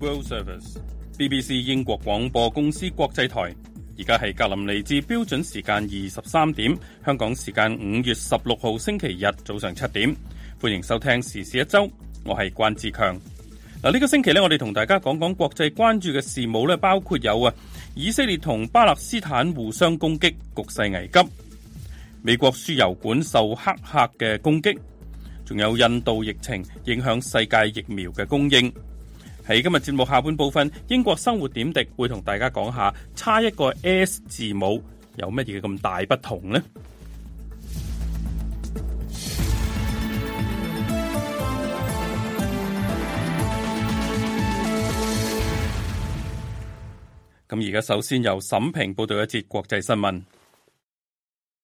World Service，BBC 英國廣播公司國際台，而家係格林尼治標準時間二十三點，香港時間五月十六號星期日早上七點，歡迎收聽時事一周，我係關志強。嗱，呢個星期咧，我哋同大家講講國際關注嘅事務咧，包括有啊，以色列同巴勒斯坦互相攻擊，局勢危急；美國輸油管受黑客嘅攻擊，仲有印度疫情影響世界疫苗嘅供應。喺今日節目下半部分，英國生活點滴會同大家講下差一個 S 字母有乜嘢咁大不同呢？咁而家首先由沈平報道一節國際新聞，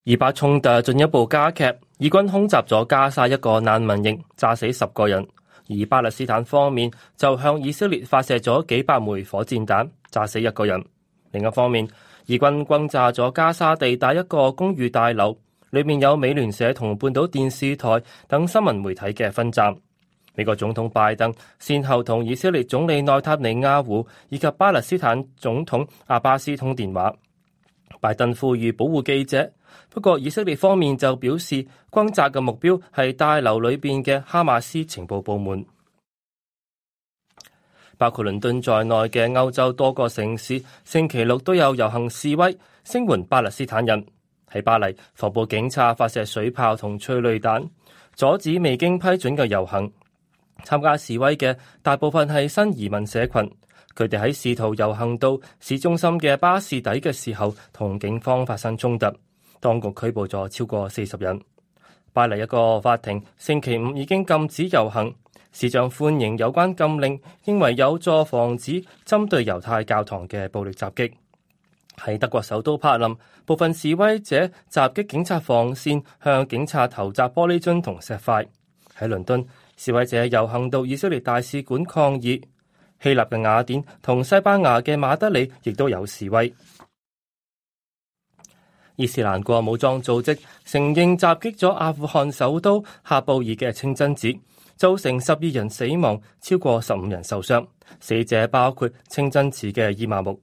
以巴衝突進一步加劇，以軍空襲咗加沙一個難民營，炸死十個人。而巴勒斯坦方面就向以色列發射咗幾百枚火箭彈，炸死一個人。另一方面，以軍轟炸咗加沙地帶一個公寓大樓，裏面有美聯社同半島電視台等新聞媒體嘅分站。美國總統拜登先後同以色列總理內塔尼亞胡以及巴勒斯坦總統阿巴斯通電話，拜登呼籲保護記者。不過以色列方面就表示，轟炸嘅目標係大樓裏邊嘅哈馬斯情報部門。包括倫敦在內嘅歐洲多個城市，星期六都有遊行示威，聲援巴勒斯坦人。喺巴黎，防暴警察發射水炮同催淚彈，阻止未經批准嘅遊行。參加示威嘅大部分係新移民社群，佢哋喺試圖遊行到市中心嘅巴士底嘅時候，同警方發生衝突。當局拘捕咗超過四十人。巴黎一個法庭星期五已經禁止遊行。市長歡迎有關禁令，認為有助防止針對猶太教堂嘅暴力襲擊。喺德國首都柏林，部分示威者襲擊警察防線，向警察投擲玻璃樽同石塊。喺倫敦，示威者遊行到以色列大使館抗議。希臘嘅雅典同西班牙嘅馬德里亦都有示威。伊斯蘭國武裝組織承認襲擊咗阿富汗首都喀布爾嘅清真寺，造成十二人死亡，超過十五人受傷，死者包括清真寺嘅伊瑪目。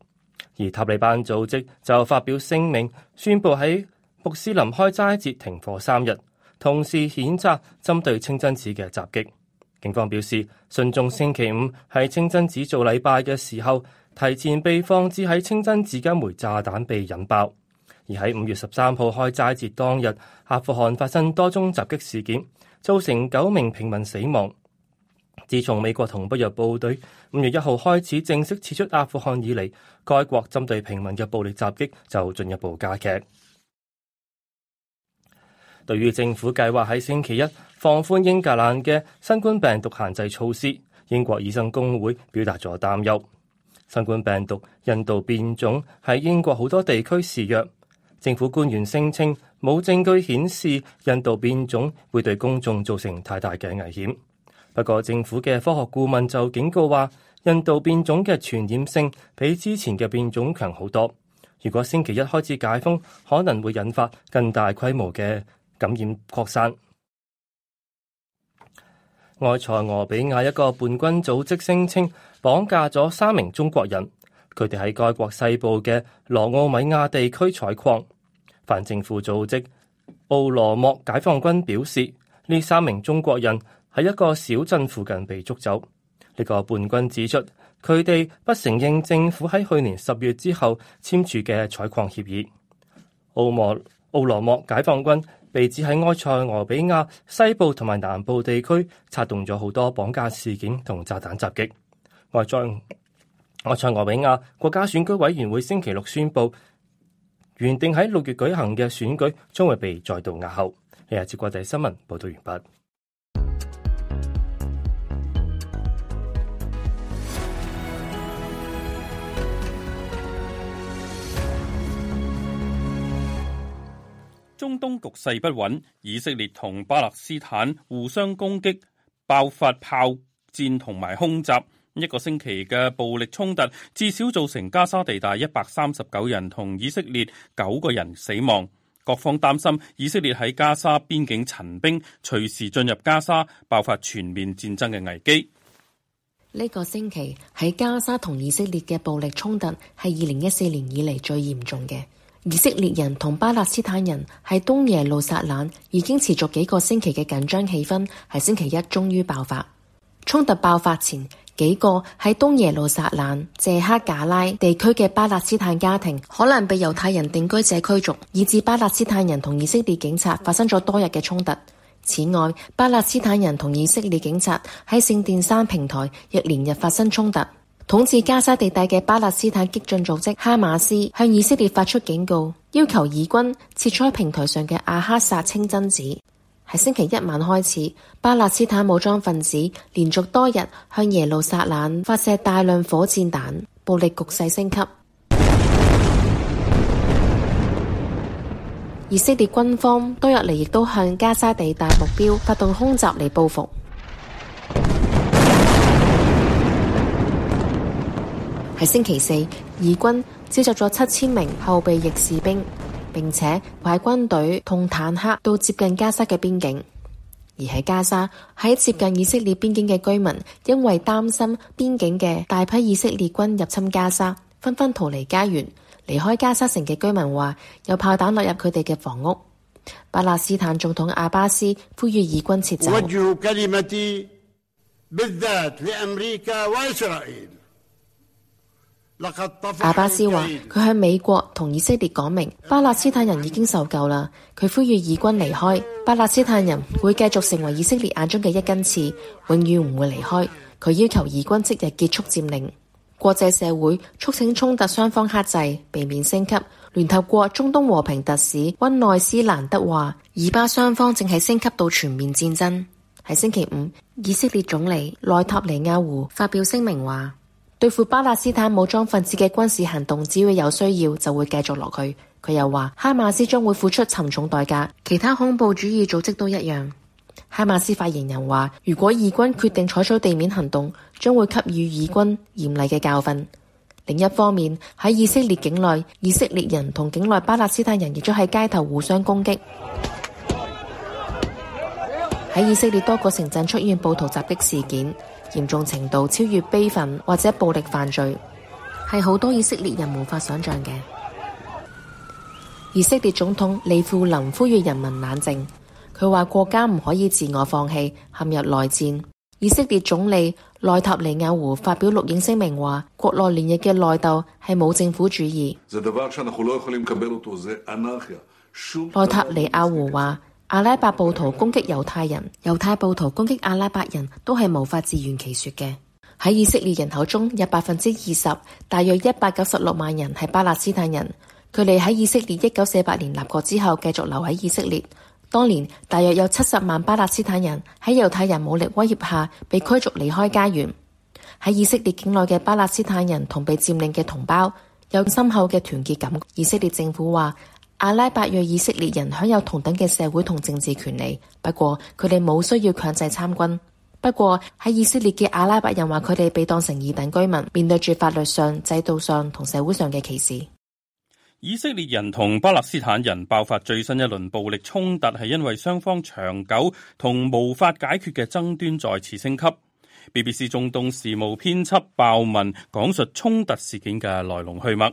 而塔利班組織就發表聲明，宣佈喺穆斯林開齋節停火三日，同時譴責針對清真寺嘅襲擊。警方表示，信眾星期五喺清真寺做禮拜嘅時候，提前被放置喺清真寺間枚炸彈被引爆。而喺五月十三號開齋節當日，阿富汗發生多宗襲擊事件，造成九名平民死亡。自從美國同北約部隊五月一號開始正式撤出阿富汗以嚟，該國針對平民嘅暴力襲擊就進一步加劇。對於政府計劃喺星期一放寬英格蘭嘅新冠病毒限制措施，英國醫生工會表達咗擔憂。新冠病毒印度變種喺英國好多地區肆虐。政府官員聲稱冇證據顯示印度變種會對公眾造成太大嘅危險。不過，政府嘅科學顧問就警告話，印度變種嘅傳染性比之前嘅變種強好多。如果星期一開始解封，可能會引發更大規模嘅感染擴散。埃塞俄比亞一個叛軍組織聲稱綁架咗三名中國人。佢哋喺該國西部嘅羅奧米亞地區採礦。反政府組織奧羅莫解放軍表示，呢三名中國人喺一個小鎮附近被捉走。呢、這個叛軍指出，佢哋不承認政府喺去年十月之後簽署嘅採礦協議。奧莫奧羅莫解放軍被指喺埃塞俄比亞西部同埋南部地區策動咗好多綁架事件同炸彈襲擊。外在我塞俄比亞國家選舉委員會星期六宣佈，原定喺六月舉行嘅選舉將會被再度押後。呢一接國際新聞報道完畢。中東局勢不穩，以色列同巴勒斯坦互相攻擊，爆發炮戰同埋空襲。一個星期嘅暴力衝突至少造成加沙地帶一百三十九人同以色列九個人死亡。各方擔心以色列喺加沙邊境陳兵，隨時進入加沙爆發全面戰爭嘅危機。呢個星期喺加沙同以色列嘅暴力衝突係二零一四年以嚟最嚴重嘅。以色列人同巴勒斯坦人喺東耶路撒冷已經持續幾個星期嘅緊張氣氛，喺星期一終於爆發。衝突爆發前，幾個喺東耶路撒冷謝克賈拉地區嘅巴勒斯坦家庭可能被猶太人定居者驅逐，以致巴勒斯坦人同以色列警察發生咗多日嘅衝突。此外，巴勒斯坦人同以色列警察喺聖殿山平台亦連日發生衝突。統治加沙地帶嘅巴勒斯坦激進組織哈馬斯向以色列發出警告，要求以軍撤出平台上嘅阿哈薩清真寺。喺星期一晚開始，巴勒斯坦武裝分子連續多日向耶路撒冷發射大量火箭彈，暴力局勢升級。以 色列軍方多日嚟，亦都向加沙地帶目標發動空襲嚟報復。喺 星期四，以軍召集咗七千名後備役士兵。並且派軍隊同坦克到接近加沙嘅邊境，而喺加沙，喺接近以色列邊境嘅居民，因為擔心邊境嘅大批以色列軍入侵加沙，紛紛逃離家園。離開加沙城嘅居民話，有炮彈落入佢哋嘅房屋。巴勒斯坦總統阿巴斯呼籲以軍撤走。阿巴斯話：佢喺美國同以色列講明，巴勒斯坦人已經受夠啦。佢呼籲以軍離開，巴勒斯坦人會繼續成為以色列眼中嘅一根刺，永遠唔會離開。佢要求以軍即日結束佔領。國際社會促請衝突雙方克制，避免升級。聯合國中東和平特使溫內斯蘭德話：以巴雙方正係升級到全面戰爭。喺星期五，以色列總理內塔尼亞胡發表聲明話，對付巴勒斯坦武裝分子嘅軍事行動，只要有需要就會繼續落去。佢又話，哈馬斯將會付出沉重代價，其他恐怖主義組織都一樣。哈馬斯發言人話，如果以軍決定採取地面行動，將會給予以軍嚴厲嘅教訓。另一方面，喺以色列境內，以色列人同境內巴勒斯坦人亦都喺街頭互相攻擊。喺以色列多個城鎮出現暴徒襲擊事件。嚴重程度超越悲憤或者暴力犯罪，係好多以色列人無法想像嘅。以色列總統李富林呼籲人民冷靜，佢話國家唔可以自我放棄，陷入內戰。以色列總理內塔尼亞胡發表錄影聲明話，國內連日嘅內鬥係冇政府主義。 內塔尼亞胡話。阿拉伯暴徒攻擊猶太人，猶太暴徒攻擊阿拉伯人都係無法自圓其說嘅。喺以色列人口中，有百分之二十，大約一百九十六萬人係巴勒斯坦人，佢哋喺以色列一九四八年立國之後，繼續留喺以色列。當年大約有七十萬巴勒斯坦人喺猶太人武力威脅下被驅逐離開家園。喺以色列境內嘅巴勒斯坦人同被佔領嘅同胞有深厚嘅團結感。以色列政府話。阿拉伯裔以色列人享有同等嘅社會同政治權利，不過佢哋冇需要強制參軍。不過喺以色列嘅阿拉伯人話，佢哋被當成二等居民，面對住法律上、制度上同社會上嘅歧視。以色列人同巴勒斯坦人爆發最新一輪暴力衝突，係因為雙方長久同無法解決嘅爭端再次升級。BBC 中東事務編輯爆文，講述衝突事件嘅來龍去脈。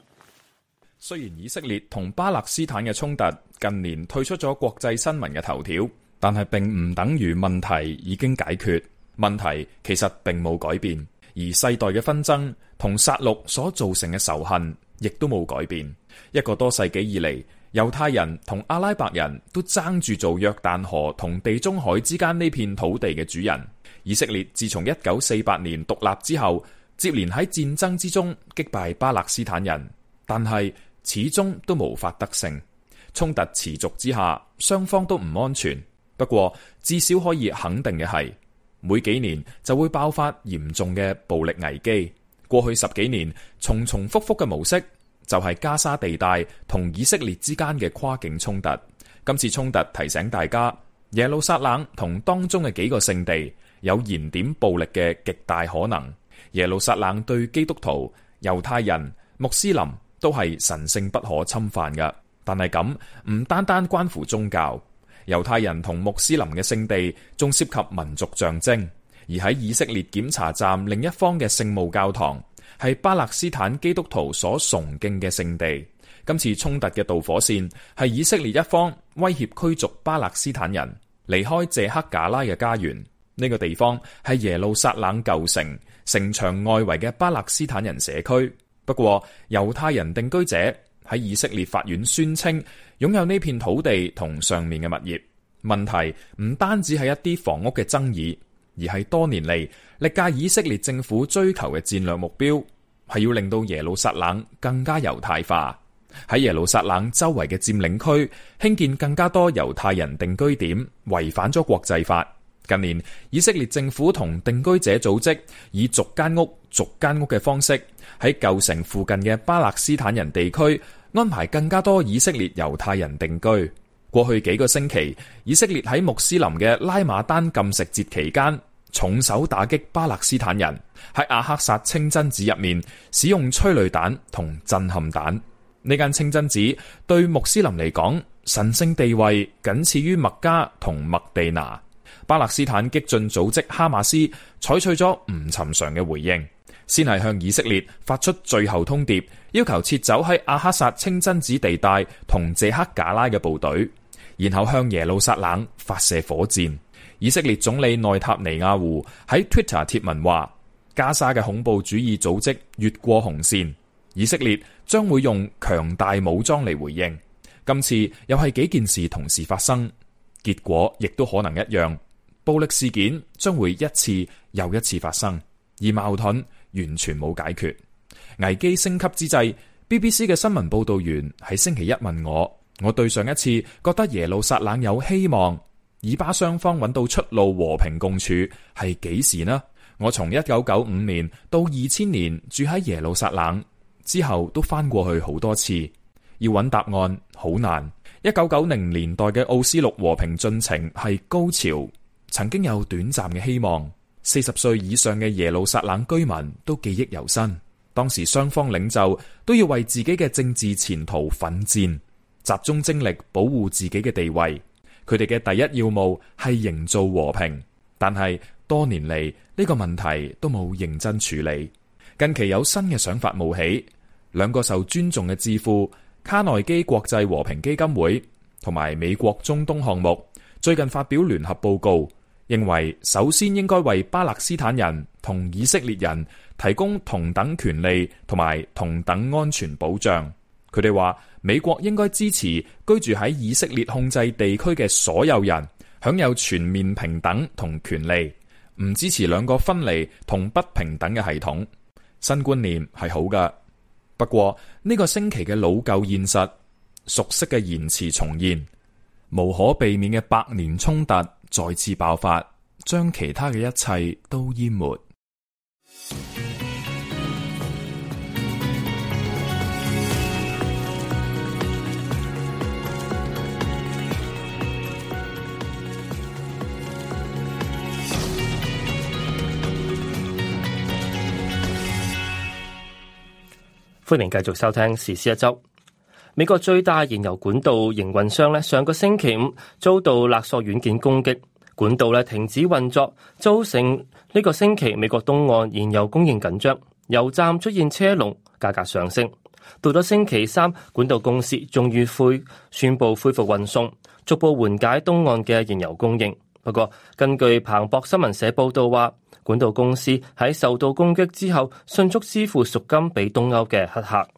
雖然以色列同巴勒斯坦嘅衝突近年退出咗國際新聞嘅頭條，但係並唔等於問題已經解決。問題其實並冇改變，而世代嘅紛爭同殺戮所造成嘅仇恨，亦都冇改變。一個多世紀以嚟，猶太人同阿拉伯人都爭住做約旦河同地中海之間呢片土地嘅主人。以色列自從一九四八年獨立之後，接連喺戰爭之中擊敗巴勒斯坦人，但係，始終都無法得勝，衝突持續之下，雙方都唔安全。不過至少可以肯定嘅係，每幾年就會爆發嚴重嘅暴力危機。過去十幾年，重重複複嘅模式就係、是、加沙地帶同以色列之間嘅跨境衝突。今次衝突提醒大家，耶路撒冷同當中嘅幾個聖地有燃點暴力嘅極大可能。耶路撒冷對基督徒、猶太人、穆斯林，都係神聖不可侵犯嘅，但係咁唔單單關乎宗教，猶太人同穆斯林嘅聖地仲涉及民族象徵，而喺以色列檢查站另一方嘅聖墓教堂係巴勒斯坦基督徒所崇敬嘅聖地。今次衝突嘅導火線係以色列一方威脅驅逐巴勒斯坦人離開謝克賈拉嘅家園，呢、這個地方係耶路撒冷舊城城牆外圍嘅巴勒斯坦人社區。不過，猶太人定居者喺以色列法院宣稱擁有呢片土地同上面嘅物業。問題唔單止係一啲房屋嘅爭議，而係多年嚟歷屆以色列政府追求嘅戰略目標，係要令到耶路撒冷更加猶太化。喺耶路撒冷周圍嘅佔領區，興建更加多猶太人定居點，違反咗國際法。近年，以色列政府同定居者組織以逐間屋、逐間屋嘅方式，喺舊城附近嘅巴勒斯坦人地區安排更加多以色列猶太人定居。過去幾個星期，以色列喺穆斯林嘅拉馬丹禁食節期間，重手打擊巴勒斯坦人，喺阿克薩清真寺入面使用催淚彈同震撼彈。呢間清真寺對穆斯林嚟講，神聖地位僅次於麥加同麥地那。巴勒斯坦激進組織哈馬斯採取咗唔尋常嘅回應，先係向以色列發出最後通牒，要求撤走喺阿克薩清真寺地帶同謝赫賈拉嘅部隊，然後向耶路撒冷發射火箭。以色列總理內塔尼亞胡喺 Twitter 貼文話：加沙嘅恐怖主義組織越過紅線，以色列將會用強大武裝嚟回應。今次又係幾件事同時發生。結果亦都可能一樣，暴力事件將會一次又一次發生，而矛盾完全冇解決。危機升級之際，BBC 嘅新聞報道員喺星期一問我：我對上一次覺得耶路撒冷有希望，以巴雙方揾到出路和平共處，係幾時呢？我從一九九五年到二千年住喺耶路撒冷之後，都返過去好多次，要揾答案好難。一九九零年代嘅奧斯陸和平進程係高潮，曾經有短暫嘅希望。四十歲以上嘅耶路撒冷居民都記憶猶新，當時雙方領袖都要為自己嘅政治前途奮戰，集中精力保護自己嘅地位。佢哋嘅第一要務係營造和平，但係多年嚟呢個問題都冇認真處理。近期有新嘅想法冒起，兩個受尊重嘅智庫。卡內基國際和平基金會同埋美國中東項目最近發表聯合報告，認為首先應該為巴勒斯坦人同以色列人提供同等權利同埋同等安全保障。佢哋話：美國應該支持居住喺以色列控制地區嘅所有人享有全面平等同權利，唔支持兩個分離同不平等嘅系統。新觀念係好㗎。不過呢個星期嘅老舊現實，熟悉嘅言辭重現，無可避免嘅百年衝突再次爆發，將其他嘅一切都淹沒。歡迎繼續收聽時事一周。美國最大燃油管道營運商咧，上個星期五遭到勒索軟件攻擊，管道咧停止運作，造成呢個星期美國東岸燃油供應緊張，油站出現車龍，價格上升。到咗星期三，管道公司終於恢宣布恢復運送，逐步緩解東岸嘅燃油供應。不過，根據彭博新聞社報道話。管道公司喺受到攻擊之後迅速支付贖金俾東歐嘅黑客。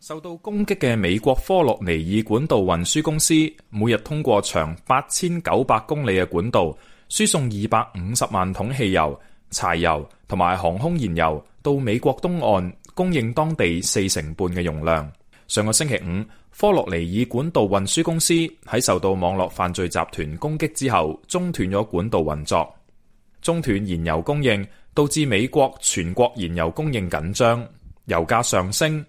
受到攻擊嘅美國科洛尼爾管道運輸公司，每日通過長八千九百公里嘅管道，輸送二百五十萬桶汽油、柴油同埋航空燃油到美國東岸，供應當地四成半嘅容量。上個星期五，科洛尼爾管道運輸公司喺受到網絡犯罪集團攻擊之後，中斷咗管道運作。中斷燃油供應，導致美國全國燃油供應緊張，油價上升。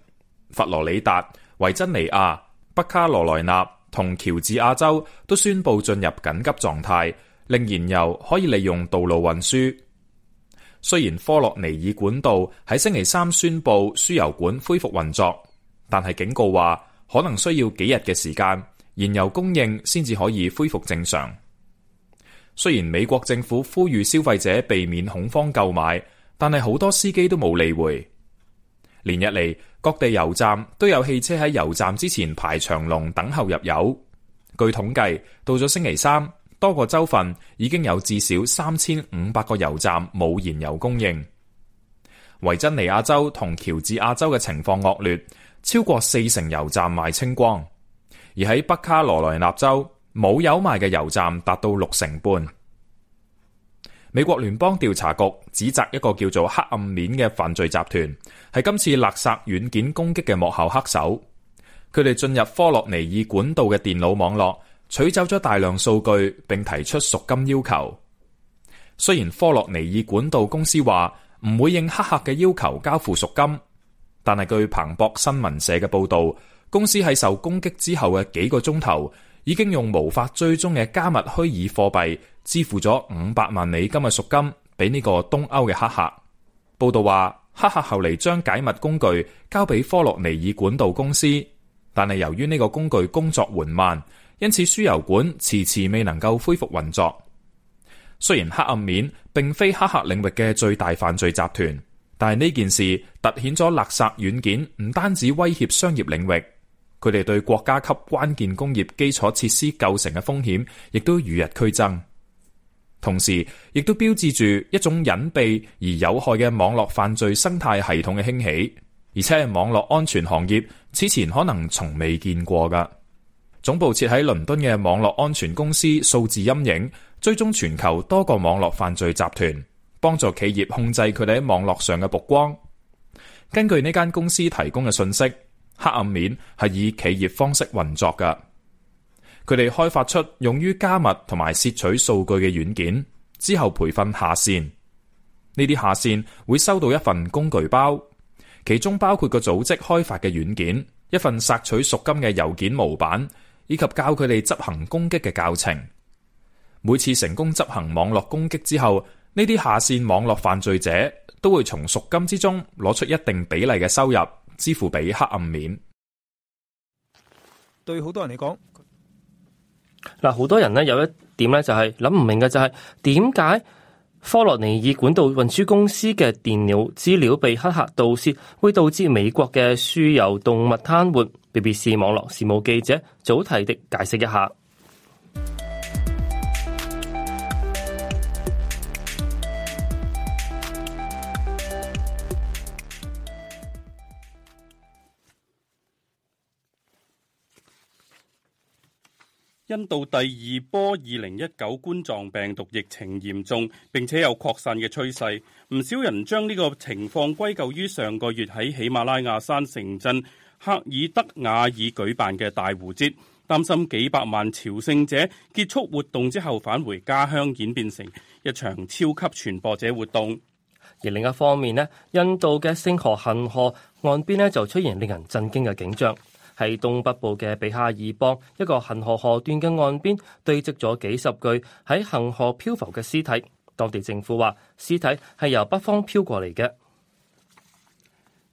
佛羅里達、維珍尼亞、北卡羅來納同喬治亞州都宣布進入緊急狀態，令燃油可以利用道路運輸。雖然科洛尼爾管道喺星期三宣布輸油管恢復運作，但係警告話可能需要幾日嘅時間，燃油供應先至可以恢復正常。雖然美國政府呼籲消費者避免恐慌購買，但係好多司機都冇理會。連日嚟，各地油站都有汽車喺油站之前排長龍等候入油。據統計，到咗星期三，多個州份已經有至少三千五百個油站冇燃油供應。維珍尼亞州同喬治亞州嘅情況惡劣，超過四成油站賣清光，而喺北卡羅來納州。冇有賣嘅油站達到六成半。美國聯邦調查局指責一個叫做“黑暗面”嘅犯罪集團係今次勒索軟件攻擊嘅幕後黑手。佢哋進入科洛尼爾管道嘅電腦網絡，取走咗大量數據，並提出贖金要求。雖然科洛尼爾管道公司話唔會應黑客嘅要求交付贖金，但係據彭博新聞社嘅報道，公司喺受攻擊之後嘅幾個鐘頭。已經用無法追蹤嘅加密虛擬貨幣支付咗五百萬美金嘅贖金俾呢個東歐嘅黑客。報道話，黑客後嚟將解密工具交俾科洛尼爾管道公司，但係由於呢個工具工作緩慢，因此輸油管遲遲未能夠恢復運作。雖然黑暗面並非黑客領域嘅最大犯罪集團，但係呢件事凸顯咗垃圾軟件唔單止威脅商業領域。佢哋對國家級關鍵工業基礎設施構成嘅風險，亦都與日俱增。同時，亦都標誌住一種隱蔽而有害嘅網絡犯罪生態系統嘅興起，而且網絡安全行業此前可能從未見過㗎。總部設喺倫敦嘅網絡安全公司數字陰影，追蹤全球多個網絡犯罪集團，幫助企業控制佢哋喺網絡上嘅曝光。根據呢間公司提供嘅信息，黑暗面係以企業方式運作㗎，佢哋開發出用於加密同埋竊取數據嘅軟件，之後培訓下線。呢啲下線會收到一份工具包，其中包括個組織開發嘅軟件、一份索取贖金嘅郵件模板，以及教佢哋執行攻擊嘅教程。每次成功執行網絡攻擊之後，呢啲下線網絡犯罪者都會從贖金之中攞出一定比例嘅收入。支付俾黑暗面， 對好多人嚟講，嗱，好 多人咧有一點咧就係諗唔明嘅就係點解科洛尼爾管道運輸公司嘅電腦資料被黑客盜竊，會導致美國嘅輸油動物癱瘓。BBC 網絡事務記者早提的解釋一下。印度第二波二零一九冠狀病毒疫情嚴重，並且有擴散嘅趨勢。唔少人將呢個情況歸咎於上個月喺喜馬拉雅山城鎮赫爾德瓦爾舉辦嘅大壺節，擔心幾百萬朝聖者結束活動之後返回家鄉演變成一場超級傳播者活動。而另一方面呢，印度嘅聖河恒河岸邊呢，就出現令人震驚嘅景象。喺東北部嘅比哈爾邦一個恒河河段嘅岸邊堆積咗幾十具喺恒河漂浮嘅屍體，當地政府話屍體係由北方漂過嚟嘅。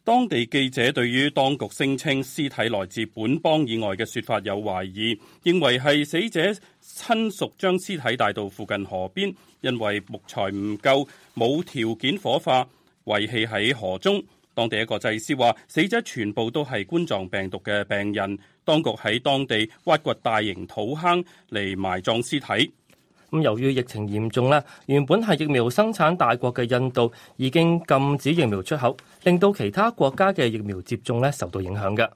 當地記者對於當局聲稱屍體來自本邦以外嘅說法有懷疑，認為係死者親屬將屍體帶到附近河邊，因為木材唔夠，冇條件火化，遺棄喺河中。當地一個祭師話，死者全部都係冠狀病毒嘅病人。當局喺當地挖掘大型土坑嚟埋葬屍體。咁由於疫情嚴重咧，原本係疫苗生產大國嘅印度已經禁止疫苗出口，令到其他國家嘅疫苗接種咧受到影響。噶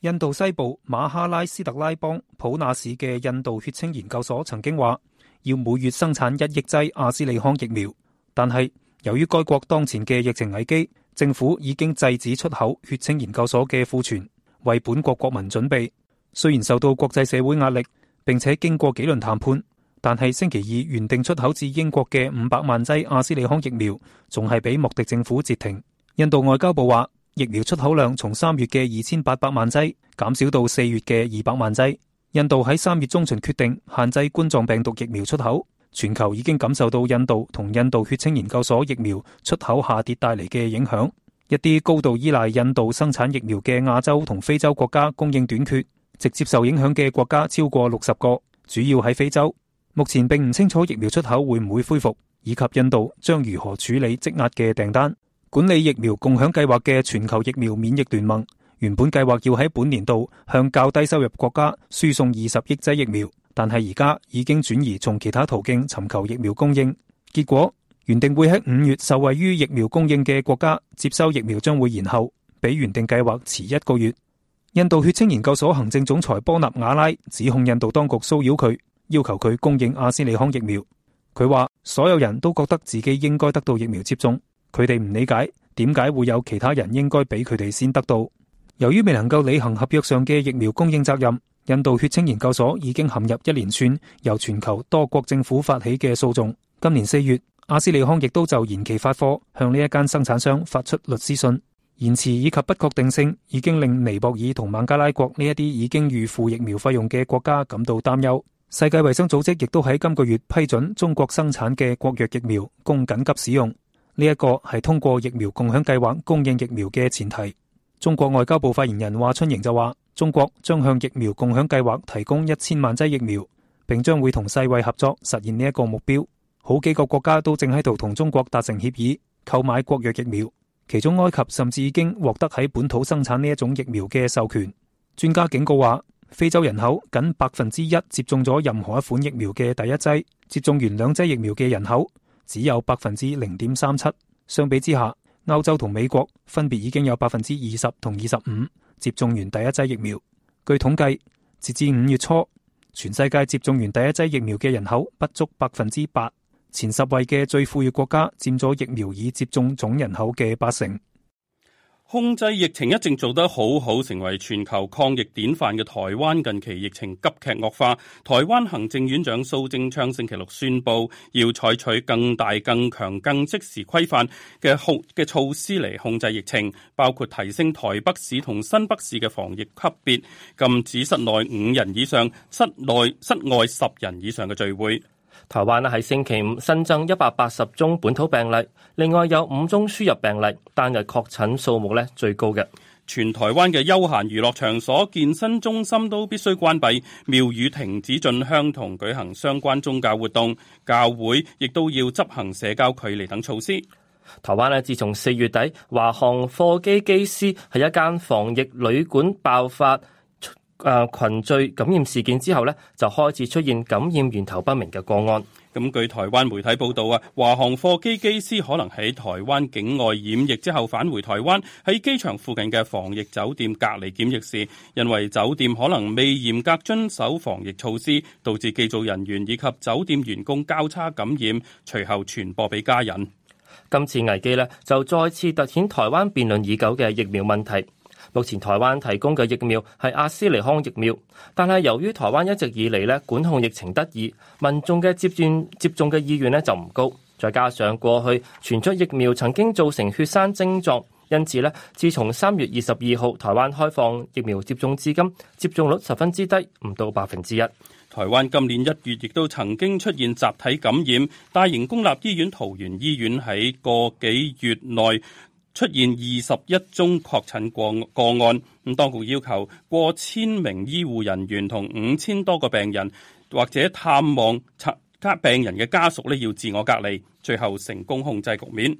印度西部馬哈拉斯特拉邦普納市嘅印度血清研究所曾經話要每月生產一億劑阿斯利康疫苗，但係。由於該國當前嘅疫情危機，政府已經制止出口血清研究所嘅庫存，為本國國民準備。雖然受到國際社會壓力，並且經過幾輪談判，但係星期二原定出口至英國嘅五百萬劑阿斯利康疫苗，仲係俾莫迪政府截停。印度外交部話，疫苗出口量從三月嘅二千八百萬劑減少到四月嘅二百萬劑。印度喺三月中旬決定限制冠狀病毒疫苗出口。全球已經感受到印度同印度血清研究所疫苗出口下跌帶嚟嘅影響，一啲高度依賴印度生產疫苗嘅亞洲同非洲國家供應短缺，直接受影響嘅國家超過六十個，主要喺非洲。目前並唔清楚疫苗出口會唔會恢復，以及印度將如何處理積壓嘅訂單。管理疫苗共享計劃嘅全球疫苗免疫聯盟，原本計劃要喺本年度向較低收入國家輸送二十億劑疫苗，但係而家已經轉移從其他途徑，尋求疫苗供應，結果原定會喺五月受惠於疫苗供應嘅國家接收疫苗將會延後，比原定計劃遲一個月。印度血清研究所行政總裁波納瓦拉指控印度當局騷擾佢，要求佢供應阿斯利康疫苗。佢話所有人都覺得自己應該得到疫苗接種，佢哋唔理解點解會有其他人應該俾佢哋先得到。由於未能夠履行合約上嘅疫苗供應責任。印度血清研究所已經陷入一連串由全球多國政府發起嘅訴訟。今年四月，阿斯利康亦都就延期發貨向呢一間生產商發出律師信。延遲以及不確定性已經令尼泊爾同孟加拉國呢一啲已經預付疫苗費用嘅國家感到擔憂，世界衛生組織亦都喺今個月批准中國生產嘅國藥疫苗供緊急使用。呢一個係通過疫苗共享計劃供應疫苗嘅前提。中國外交部發言人華春瑩就話。中國將向疫苗共享計劃提供一千萬劑疫苗，並將會同世衛合作實現呢一個目標。好幾個國家都正喺度同中國達成協議，購買國藥疫苗。其中埃及甚至已經獲得喺本土生產呢一種疫苗嘅授權。專家警告話，非洲人口僅百分之一接種咗任何一款疫苗嘅第一劑，接種完兩劑疫苗嘅人口只有百分之零點三七。相比之下，歐洲同美國分別已經有百分之二十同二十五。接種完第一劑疫苗，據統計，截至五月初，全世界接種完第一劑疫苗嘅人口不足百分之八。前十位嘅最富裕國家佔咗疫苗已接種總人口嘅八成。控制疫情一直做得好好，成為全球抗疫典範嘅台灣，近期疫情急劇惡化。台灣行政院長蘇貞昌星期六宣布，要採取更大、更強、更即時規範嘅好嘅措施嚟控制疫情，包括提升台北市同新北市嘅防疫級別，禁止室內五人以上、室內室外十人以上嘅聚會。台灣呢喺星期五新增一百八十宗本土病例，另外有五宗輸入病例，單日確診數目呢最高嘅。全台灣嘅休閒娛樂場所、健身中心都必須關閉，廟宇停止進香同舉行相關宗教活動，教會亦都要執行社交距離等措施。台灣呢自從四月底，華航貨機機師喺一間防疫旅館爆發。誒、呃、群聚感染事件之後呢就開始出現感染源頭不明嘅個案。咁據台灣媒體報導啊，華航貨機機師可能喺台灣境外染疫之後返回台灣，喺機場附近嘅防疫酒店隔離檢疫時，因為酒店可能未嚴格遵守防疫措施，導致機組人員以及酒店員工交叉感染，隨後傳播俾家人。今次危機呢，就再次突顯台灣辯論已久嘅疫苗問題。目前台灣提供嘅疫苗係阿斯利康疫苗，但係由於台灣一直以嚟咧管控疫情得宜，民眾嘅接種接種嘅意願咧就唔高，再加上過去傳出疫苗曾經造成血栓症狀，因此咧，自從三月二十二號台灣開放疫苗接種，至今接種率十分之低，唔到百分之一。台灣今年一月亦都曾經出現集體感染，大型公立醫院桃園醫院喺個幾月內，出現二十一宗確診個個案，咁當局要求過千名醫護人員同五千多個病人或者探望家病人嘅家屬要自我隔離。最後成功控制局面。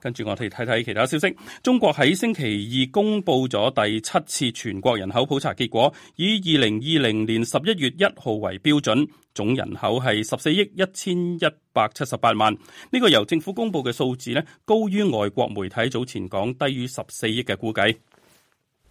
跟住我哋睇睇其他消息。中國喺星期二公布咗第七次全國人口普查結果，以二零二零年十一月一號為標準，總人口係十四億一千一百七十八萬。呢個由政府公布嘅數字呢，高於外國媒體早前講低於十四億嘅估計。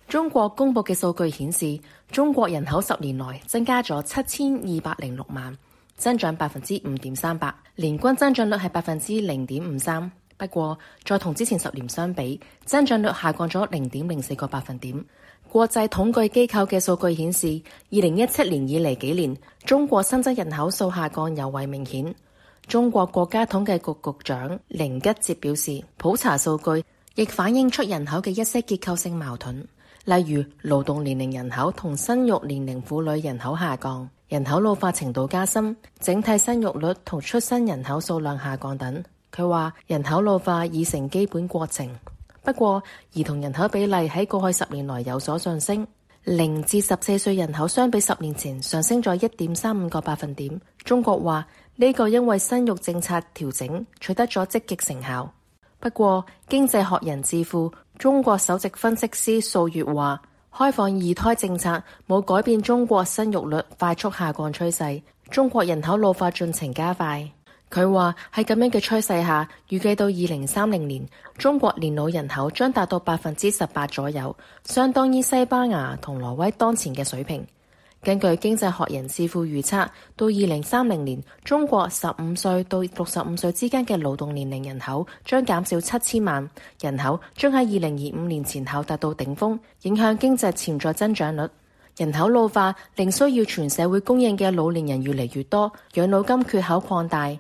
中國公布嘅數據顯示，中國人口十年來增加咗七千二百零六萬，增長百分之五點三八，年均增長率係百分之零點五三。不過，再同之前十年相比，增長率下降咗零點零四個百分點。國際統計機構嘅數據顯示，二零一七年以嚟幾年，中國新增人口數下降尤為明顯。中國國家統計局局長寧吉喆表示，普查數據亦反映出人口嘅一些結構性矛盾，例如勞動年齡人口同生育年齡婦女人口下降、人口老化程度加深、整體生育率同出生人口數量下降等。佢話：人口老化已成基本過程，不過兒童人口比例喺過去十年來有所上升，零至十四歲人口相比十年前上升咗一點三五個百分點。中國話呢個因為生育政策調整取得咗積極成效。不過經濟學人致富中國首席分析師數月話：開放二胎政策冇改變中國生育率快速下降趨勢，中國人口老化進程加快。佢話喺咁樣嘅趨勢下，預計到二零三零年，中國年老人口將達到百分之十八左右，相當於西班牙同挪威當前嘅水平。根據《經濟學人》智庫預測，到二零三零年，中國十五歲到六十五歲之間嘅勞動年齡人口將減少七千萬，人口將喺二零二五年前後達到頂峰，影響經濟潛在增長率。人口老化令需要全社會供應嘅老年人越嚟越多，養老金缺口擴大。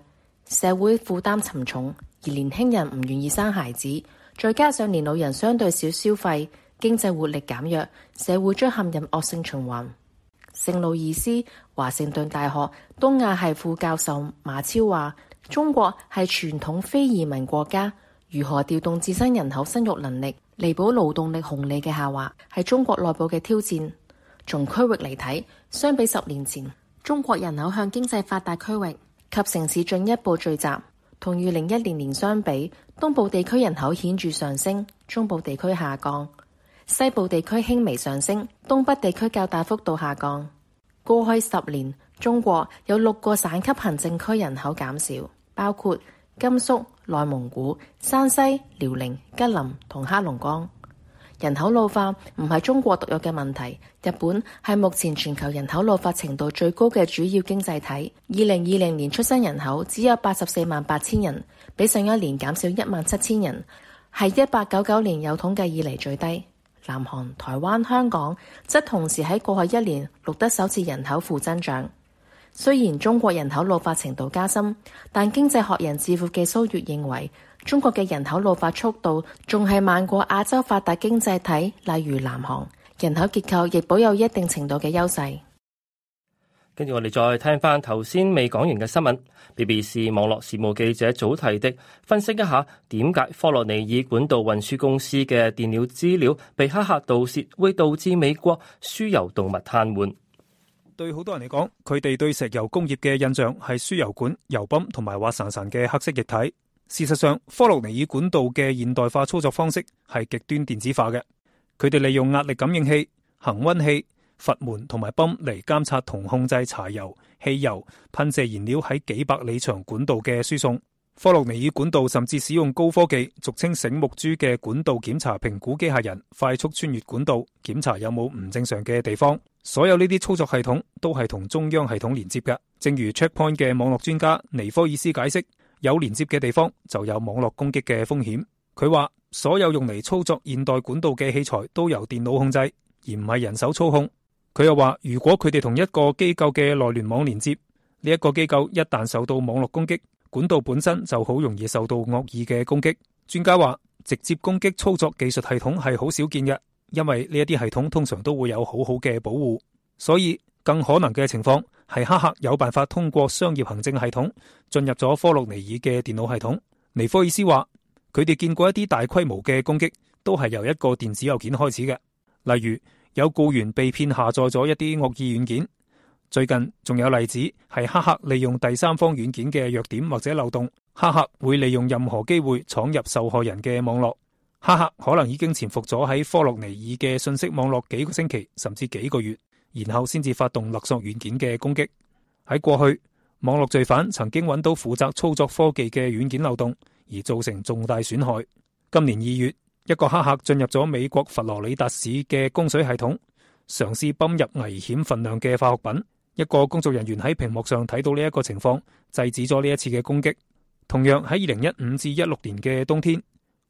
社會負擔沉重，而年輕人唔願意生孩子，再加上年老人相對少消費，經濟活力減弱，社會將陷入惡性循環。聖路易斯華盛頓大學東亞系副教授馬超話，中國係傳統非移民國家，如何調動自身人口生育能力，彌補勞動力紅利嘅下滑，係中國內部嘅挑戰。從區域嚟睇，相比十年前，中國人口向經濟發達區域。及城市進一步聚集，同二零一零年相比，東部地區人口顯著上升，中部地區下降，西部地區輕微上升，東北地區較大幅度下降。過去十年，中國有六個省級行政區人口減少，包括甘肅、內蒙古、山西、遼寧、吉林同黑龍江。人口老化唔係中國獨有嘅問題，日本係目前全球人口老化程度最高嘅主要經濟體，二零二零年出生人口只有八十四萬八千人，比上一年減少一萬七千人，係一八九九年有統計以嚟最低。南韓台灣香港則同時喺過去一年錄得首次人口負增長。雖然中國人口老化程度加深，但經濟學人致富嘅蘇月認為。中國嘅人口老化速度仲係慢過亞洲發達經濟體，例如南韓，人口結構亦保有一定程度嘅優勢。跟住我哋再聽翻頭先未講完嘅新聞，BBC 網絡事務記者早提的分析一下，點解科羅尼爾管道運輸公司嘅電腦資料被黑客盜竊，會導致美國輸油動物癱瘓？對好多人嚟講，佢哋對石油工業嘅印象係輸油管、油泵同埋滑潺潺嘅黑色液體。事實上，科洛尼爾管道嘅現代化操作方式係極端電子化嘅。佢哋利用壓力感應器、恆溫器、閥門同埋泵嚟監察同控制柴油、汽油、噴射燃料喺幾百里長管道嘅輸送。科洛尼爾管道甚至使用高科技，俗稱醒目珠嘅管道檢查評估機械人，快速穿越管道檢查有冇唔正常嘅地方。所有呢啲操作系統都係同中央系統連接嘅。正如 CheckPoint 嘅網絡專家尼科爾斯解釋。有連接嘅地方就有網絡攻擊嘅風險。佢話所有用嚟操作現代管道嘅器材都由電腦控制，而唔係人手操控。佢又話，如果佢哋同一個機構嘅內聯網連接，呢一個機構一旦受到網絡攻擊，管道本身就好容易受到惡意嘅攻擊。專家話，直接攻擊操作技術系統係好少見嘅，因為呢一啲系統通常都會有好好嘅保護，所以更可能嘅情況。係黑客有辦法通過商業行政系統進入咗科洛尼爾嘅電腦系統。尼科爾斯話：佢哋見過一啲大規模嘅攻擊，都係由一個電子郵件開始嘅。例如有僱員被騙下載咗一啲惡意軟件。最近仲有例子係黑客利用第三方軟件嘅弱點或者漏洞。黑客會利用任何機會闖入受害人嘅網絡。黑客可能已經潛伏咗喺科洛尼爾嘅信息網絡幾個星期甚至幾個月。然後先至發動勒索軟件嘅攻擊。喺過去，網絡罪犯曾經揾到負責操作科技嘅軟件漏洞，而造成重大損害。今年二月，一個黑客進入咗美國佛羅里達市嘅供水系統，嘗試泵入危險分量嘅化學品。一個工作人員喺屏幕上睇到呢一個情況，制止咗呢一次嘅攻擊。同樣喺二零一五至一六年嘅冬天，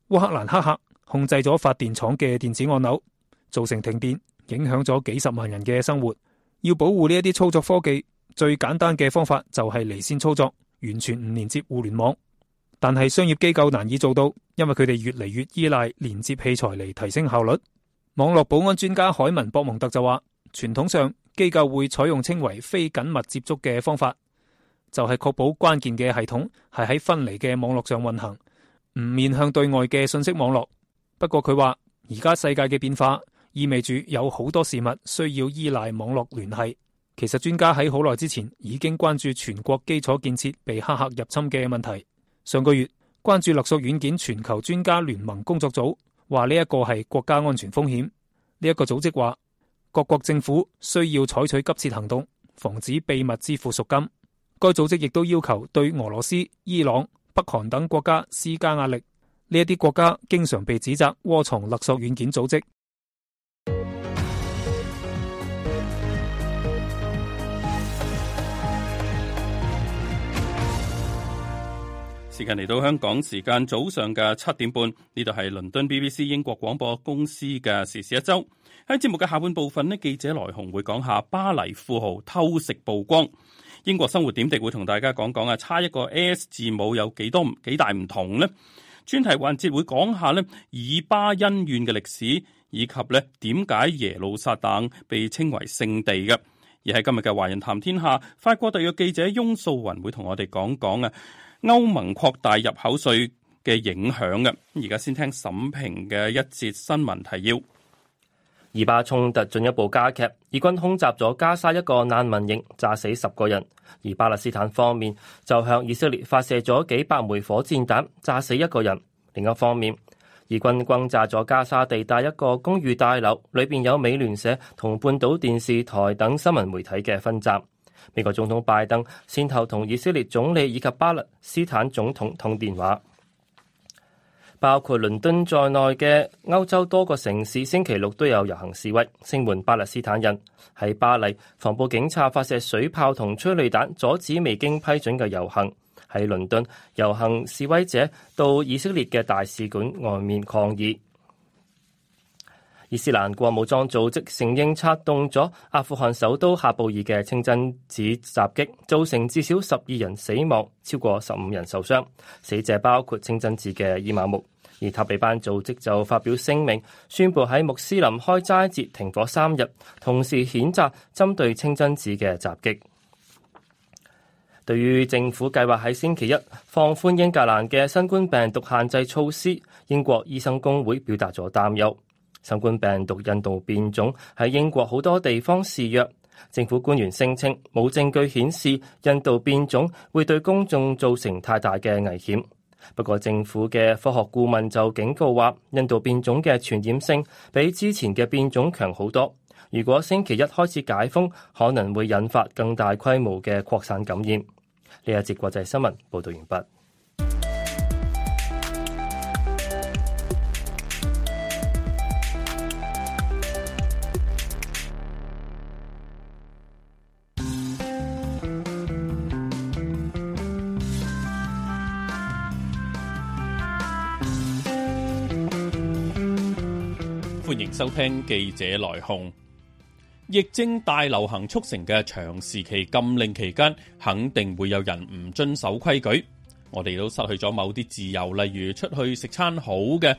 烏克蘭黑客控制咗發電廠嘅電子按鈕，造成停電。影響咗幾十萬人嘅生活，要保護呢一啲操作科技，最簡單嘅方法就係離線操作，完全唔連接互聯網。但係商業機構難以做到，因為佢哋越嚟越依賴連接器材嚟提升效率。網絡保安專家海文博蒙特就話：傳統上機構會採用稱為非緊密接觸嘅方法，就係、是、確保關鍵嘅系統係喺分離嘅網絡上運行，唔面向對外嘅信息網絡。不過佢話而家世界嘅變化。意味住有好多事物需要依賴網絡聯繫。其實專家喺好耐之前已經關注全國基礎建設被黑客入侵嘅問題。上個月，關注勒索軟件全球專家聯盟工作組話呢一個係國家安全風險。呢一個組織話各國政府需要採取急切行動，防止秘密支付贖金。該組織亦都要求對俄羅斯、伊朗、北韓等國家施加壓力。呢一啲國家經常被指責窩藏勒索軟件組織。時間嚟到香港時間早上嘅七點半，呢度係倫敦 BBC 英國廣播公司嘅時事一周。喺節目嘅下半部分呢，記者來鴻會講下巴黎富豪偷食曝光。英國生活點滴會同大家講講啊，差一個 S 字母有幾多幾大唔同呢？專題環節會講下呢以巴恩怨嘅歷史，以及呢點解耶路撒冷被稱為聖地嘅。而喺今日嘅華人談天下，法國特約記者翁素雲會同我哋講講啊。歐盟擴大入口稅嘅影響嘅，而家先聽審評嘅一節新聞提要。以巴衝突進一步加劇，以軍空襲咗加沙一個難民營，炸死十個人；而巴勒斯坦方面就向以色列發射咗幾百枚火箭彈，炸死一個人。另一方面，以軍轟炸咗加沙地帶一個公寓大樓，裏邊有美聯社同半島電視台等新聞媒體嘅分站。美國總統拜登先後同以色列總理以及巴勒斯坦總統通電話，包括倫敦在內嘅歐洲多個城市星期六都有遊行示威，聲援巴勒斯坦人。喺巴黎，防暴警察發射水炮同催淚彈阻止未經批准嘅遊行；喺倫敦，遊行示威者到以色列嘅大使館外面抗議。伊斯蘭國武裝組織承認策動咗阿富汗首都喀布爾嘅清真寺襲擊，造成至少十二人死亡，超過十五人受傷。死者包括清真寺嘅伊瑪目。而塔利班組織就發表聲明，宣布喺穆斯林開齋節停火三日，同時譴責針對清真寺嘅襲擊。對於政府計劃喺星期一放寬英格蘭嘅新冠病毒限制措施，英國醫生工會表達咗擔憂。新冠病毒印度變種喺英國好多地方肆虐，政府官員聲稱冇證據顯示印度變種會對公眾造成太大嘅危險。不過政府嘅科學顧問就警告話，印度變種嘅傳染性比之前嘅變種強好多。如果星期一開始解封，可能會引發更大規模嘅擴散感染。呢一節國際新聞報道完畢。收聽記者來鴻，疫症大流行促成嘅長時期禁令期間，肯定會有人唔遵守規矩。我哋都失去咗某啲自由，例如出去食餐好嘅。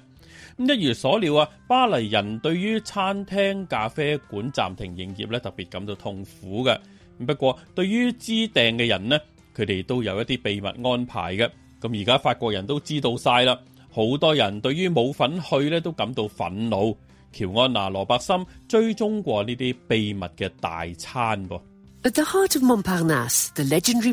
一如所料啊，巴黎人對於餐廳、咖啡館暫停營業咧，特別感到痛苦嘅。不過，對於知訂嘅人咧，佢哋都有一啲秘密安排嘅。咁而家法國人都知道晒啦，好多人對於冇份去咧都感到憤怒。喬安娜、羅伯森追蹤過呢啲秘密嘅大餐噃。喺巴黎蒙帕納斯嘅心臟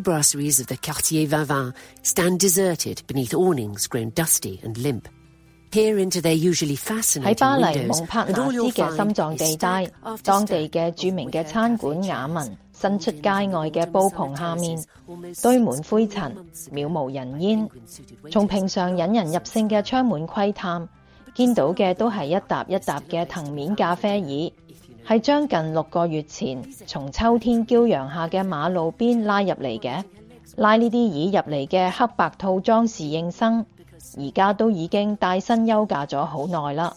地帶，當地嘅著名嘅餐館雅文伸出街外嘅布棚下面堆滿灰塵，渺無人煙。從平常引人入勝嘅窗門窺探，見到嘅都係一疊一疊嘅藤面咖啡椅，係將近六個月前從秋天驕陽下嘅馬路邊拉入嚟嘅。拉呢啲椅入嚟嘅黑白套裝侍應生，而家都已經帶薪休假咗好耐啦。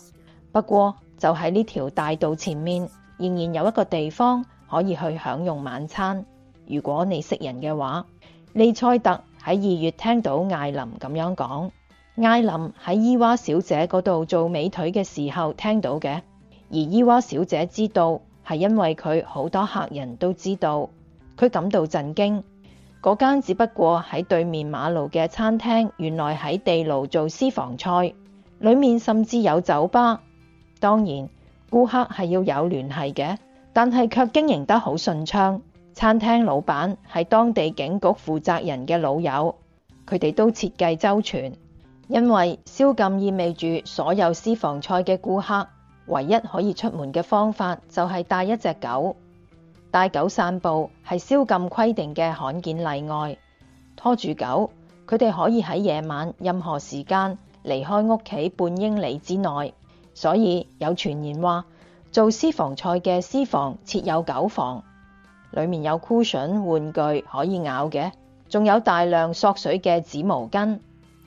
不過，就喺呢條大道前面，仍然有一個地方可以去享用晚餐。如果你識人嘅話，利賽特喺二月聽到艾琳咁樣講。艾琳喺伊娃小姐嗰度做美腿嘅時候聽到嘅，而伊娃小姐知道係因為佢好多客人都知道，佢感到震驚。嗰間只不過喺對面馬路嘅餐廳，原來喺地牢做私房菜，裏面甚至有酒吧。當然顧客係要有聯繫嘅，但係卻經營得好順暢。餐廳老闆係當地警局負責人嘅老友，佢哋都設計周全。因為宵禁意味住所有私房菜嘅顧客，唯一可以出門嘅方法就係帶一隻狗。帶狗散步係宵禁規定嘅罕見例外。拖住狗，佢哋可以喺夜晚任何時間離開屋企半英里之內。所以有傳言話，做私房菜嘅私房設有狗房，裏面有 cushion 玩具可以咬嘅，仲有大量索水嘅紙毛巾。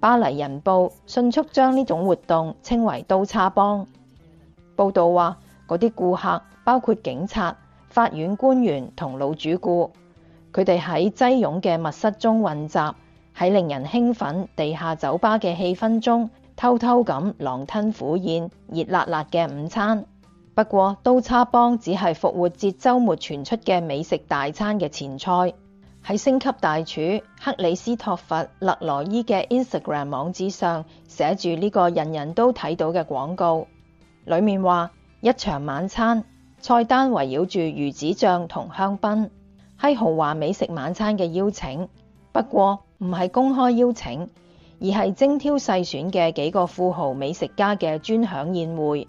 巴黎人報迅速將呢種活動稱為刀叉幫。報導話，嗰啲顧客包括警察、法院官員同老主顧，佢哋喺擠擁嘅密室中混雜，喺令人興奮地下酒吧嘅氣氛中，偷偷咁狼吞虎咽熱辣辣嘅午餐。不過，刀叉幫只係復活節週末傳出嘅美食大餐嘅前菜。喺星級大廚克里斯托弗·勒羅伊嘅 Instagram 網址上寫住呢個人人都睇到嘅廣告，裏面話一場晚餐菜單圍繞住魚子醬同香檳，係豪華美食晚餐嘅邀請。不過唔係公開邀請，而係精挑細選嘅幾個富豪美食家嘅專享宴會。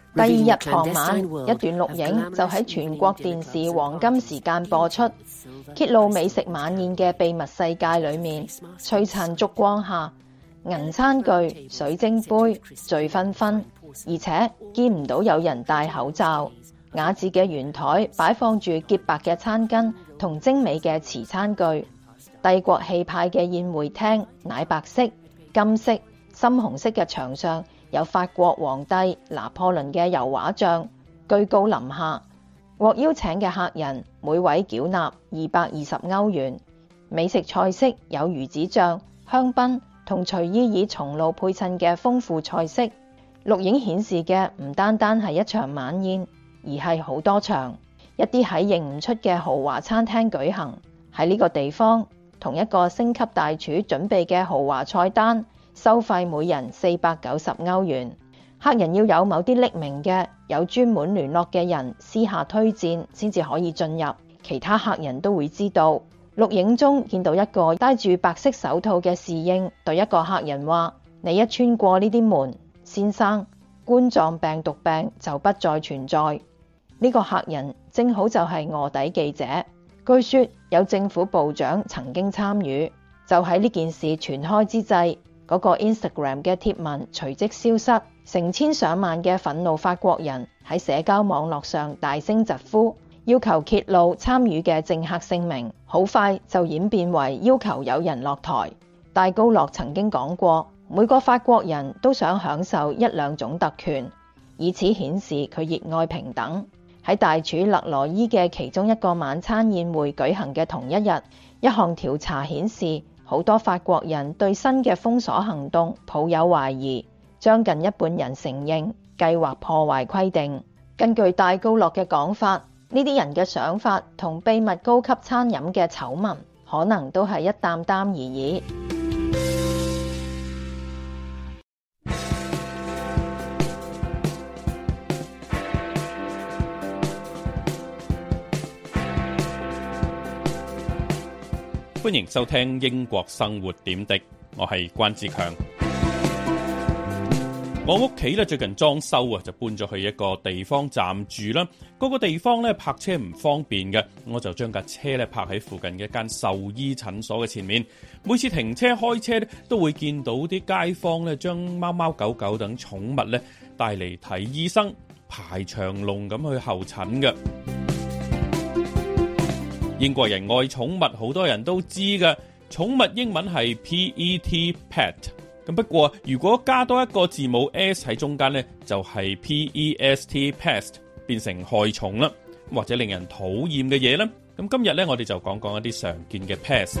第二日傍晚，一段錄影就喺全國電視黃金時間播出，揭露美食晚宴嘅秘密世界。裏面璀璨燭光下，銀餐具、水晶杯聚紛紛，而且見唔到有人戴口罩。雅致嘅圓台擺放住潔白嘅餐巾同精美嘅瓷餐具，帝國氣派嘅宴會廳，奶白色、金色、深紅色嘅牆上。有法國皇帝拿破崙嘅油畫像居高臨下，獲邀請嘅客人每位繳納二百二十歐元。美食菜式有魚子醬、香檳同隨意以松露配襯嘅豐富菜式。錄影顯示嘅唔單單係一場晚宴，而係好多場，一啲喺認唔出嘅豪華餐廳舉行。喺呢個地方，同一個星級大廚準備嘅豪華菜單。收費每人四百九十歐元，客人要有某啲匿名嘅有專門聯絡嘅人私下推薦，先至可以進入。其他客人都會知道，錄影中見到一個戴住白色手套嘅侍應對一個客人話：你一穿過呢啲門，先生冠狀病毒病就不再存在。呢個客人正好就係臥底記者。據說有政府部長曾經參與，就喺呢件事傳開之際。嗰個 Instagram 嘅貼文隨即消失，成千上萬嘅憤怒法國人喺社交網絡上大聲疾呼，要求揭露參與嘅政客姓名。好快就演變為要求有人落台。戴高樂曾經講過，每個法國人都想享受一兩種特權，以此顯示佢熱愛平等。喺大廚勒羅伊嘅其中一個晚餐宴會舉行嘅同一日，一項調查顯示，好多法國人對新嘅封鎖行動抱有懷疑，將近一半人承認計劃破壞規定。根據戴高樂嘅講法，呢啲人嘅想法同秘密高級餐飲嘅醜聞，可能都係一擔擔而已。歡迎收聽英國生活點滴，我係關志強。 我屋企咧最近裝修啊，就搬咗去一個地方暫住啦。嗰個地方咧泊車唔方便嘅，我就將架車咧泊喺附近嘅一間獸醫診所嘅前面。每次停車開車咧，都會見到啲街坊咧將貓貓狗狗等寵物咧帶嚟睇醫生，排長龍咁去候診嘅。英國人愛寵物，好多人都知㗎。寵物英文係 P E T pet，咁，不過如果加多一個字母 S 喺中間呢，就係 P E S T pest，變成害蟲啦，或者令人討厭嘅嘢呢。咁今日呢，我哋就講講一啲常見嘅 pest。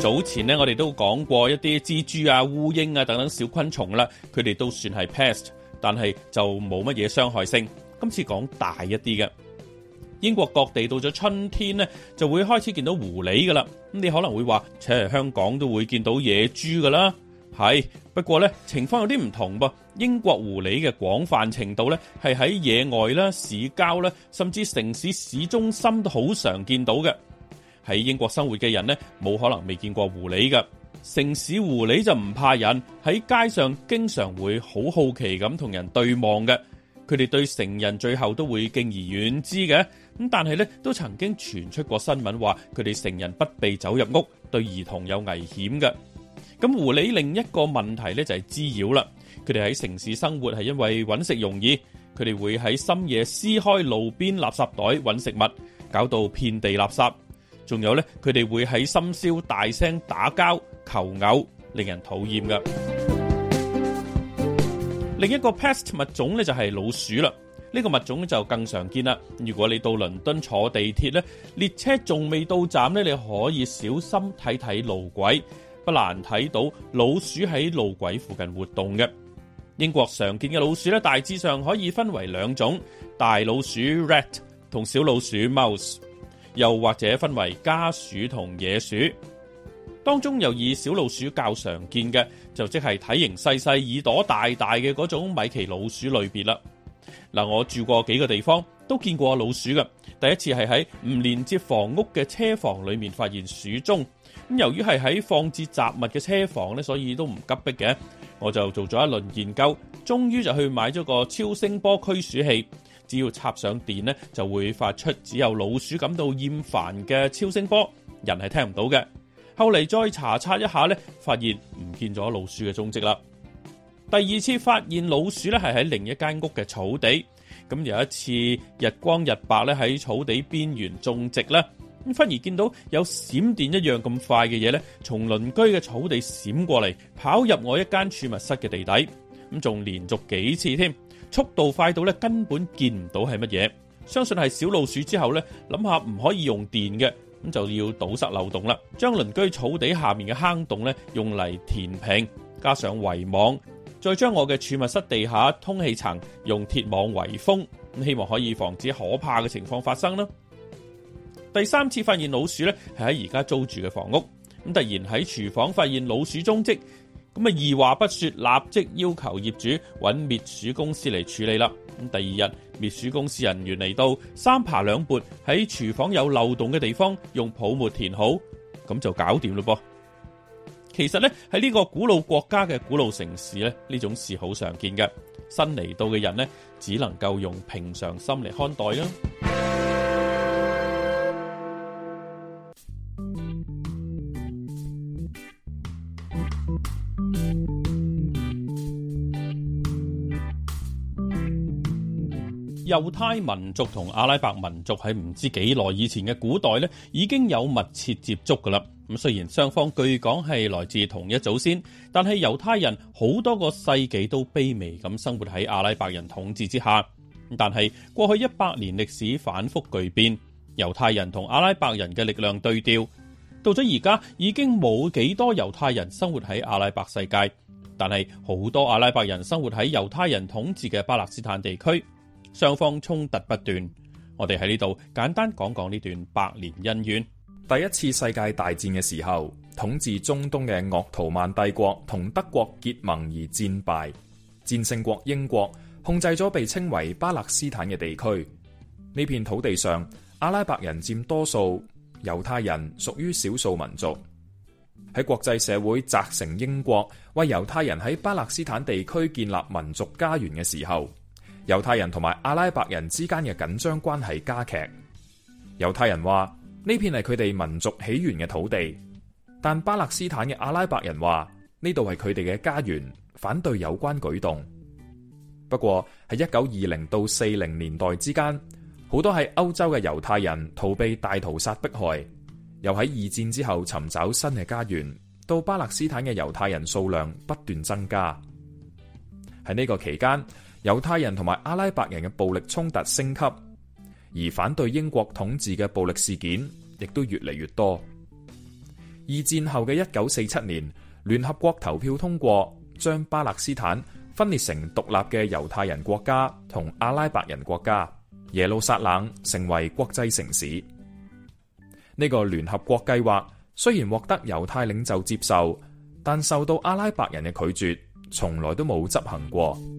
早前呢，我哋都講過一啲蜘蛛啊、烏蠅啊等等小昆蟲啦，佢哋都算係 pest，但係就冇乜嘢傷害性。今次講大一啲嘅。英國各地到咗春天呢，就會開始見到狐狸㗎啦。咁你可能會話，嚟香港都會見到野豬㗎啦。係，不過呢，情況有啲唔同噃。英國狐狸嘅廣泛程度呢，係喺野外啦、市郊啦，甚至城市市中心都好常見到嘅。喺英國生活嘅人呢，冇可能未見過狐狸嘅。城市狐狸就唔怕人，喺街上經常會好好奇咁同人對望嘅。佢哋對成人最後都會敬而遠之嘅。咁但係咧，都曾經傳出過新聞話佢哋成人不被走入屋，對兒童有危險嘅。咁狐狸另一個問題咧就係滋擾啦。佢哋喺城市生活係因為揾食容易，佢哋會喺深夜撕開路邊垃圾袋揾食物，搞到遍地垃圾。仲有咧，佢哋會喺深宵大聲打交求偶，令人討厭嘅。 另一個 pest 物種咧就係老鼠啦。呢個物種就更常見啦。如果你到倫敦坐地鐵咧，列車仲未到站咧，你可以小心睇睇路軌，不難睇到老鼠喺路軌附近活動嘅。英國常見嘅老鼠咧，大致上可以分為兩種：大老鼠 rat 同小老鼠 mouse，又或者分為家鼠同野鼠。當中又以小老鼠較常見嘅，就即係體型細細、耳朵大大嘅嗰種米奇老鼠類別啦。嗱，我住過幾個地方，都見過老鼠嘅。第一次係喺唔連接房屋嘅車房裏面發現鼠蹤。咁由於係喺放置雜物嘅車房呢，所以都唔急迫嘅。我就做咗一輪研究，終於就去買咗個超聲波驅鼠器。只要插上電呢，就會發出只有老鼠感到厭煩嘅超聲波，人係聽唔到嘅。後嚟再查測一下呢，發現唔見咗老鼠嘅蹤跡啦。第二次發現老鼠咧，係喺另一間屋嘅草地。咁有一次日光日白咧，喺草地邊緣種植咧，咁忽然見到有閃電一樣咁快嘅嘢咧，從鄰居嘅草地閃過嚟，跑入我一間儲物室嘅地底。咁仲連續幾次添，速度快到咧根本見唔到係乜嘢。相信係小老鼠之後咧，諗下唔可以用電嘅，咁就要堵塞漏洞啦，將鄰居草地下面嘅坑洞咧用嚟填平，加上圍網，再將我嘅儲物室地下通氣層用鐵網圍封，咁希望可以防止可怕嘅情況發生啦。第三次發現老鼠呢係喺而家租住嘅房屋，咁突然喺廚房發現老鼠蹤跡，咁啊二話不說立即要求業主搵滅鼠公司嚟處理啦。咁第二日滅鼠公司人員嚟到，三爬兩撥喺廚房有漏洞嘅地方用泡沫填好，咁就搞掂嘞噃。其實咧，喺呢個古老國家嘅古老城市咧，呢種事好常見嘅。新嚟到嘅人呢，只能夠用平常心嚟看待啦。猶 太民族同阿拉伯民族喺唔知幾耐以前嘅古代呢，已經有密切接觸噶啦。咁雖然雙方據講係來自同一祖先，但係猶太人好多個世紀都卑微咁生活喺阿拉伯人統治之下。但係過去一百年歷史反覆巨變，猶太人同阿拉伯人嘅力量對調，到咗而家已經冇幾多猶太人生活喺阿拉伯世界，但係好多阿拉伯人生活喺猶太人統治嘅巴勒斯坦地區，雙方衝突不斷。我哋喺呢度簡單講講呢段百年恩怨。第一次世界大戰嘅時候，統治中東嘅鄂圖曼帝國同德國結盟而戰敗，戰勝國英國控制咗被稱為巴勒斯坦嘅地區。呢片土地上，阿拉伯人佔多數，猶太人屬於少數民族。喺國際社會責成英國為猶太人喺巴勒斯坦地區建立民族家園嘅時候，猶太人同埋阿拉伯人之間嘅緊張關係加劇。猶太人話：呢片係佢哋民族起源嘅土地，但巴勒斯坦嘅阿拉伯人話呢度係佢哋嘅家園，反對有關舉動。不過喺一九二零到四零年代之間，好多係歐洲嘅猶太人逃避大屠殺迫害，又喺二戰之後尋找新嘅家園，到巴勒斯坦嘅猶太人數量不斷增加。喺呢個期間，猶太人同埋阿拉伯人嘅暴力衝突升級。而反對英國統治嘅暴力事件亦都越嚟越多。二戰後嘅一九四七年，聯合國投票通過將巴勒斯坦分裂成獨立嘅猶太人國家同阿拉伯人國家，耶路撒冷成為國際城市。呢個聯合國計劃雖然獲得猶太領袖接受，但受到阿拉伯人嘅拒絕，從來都冇執行過。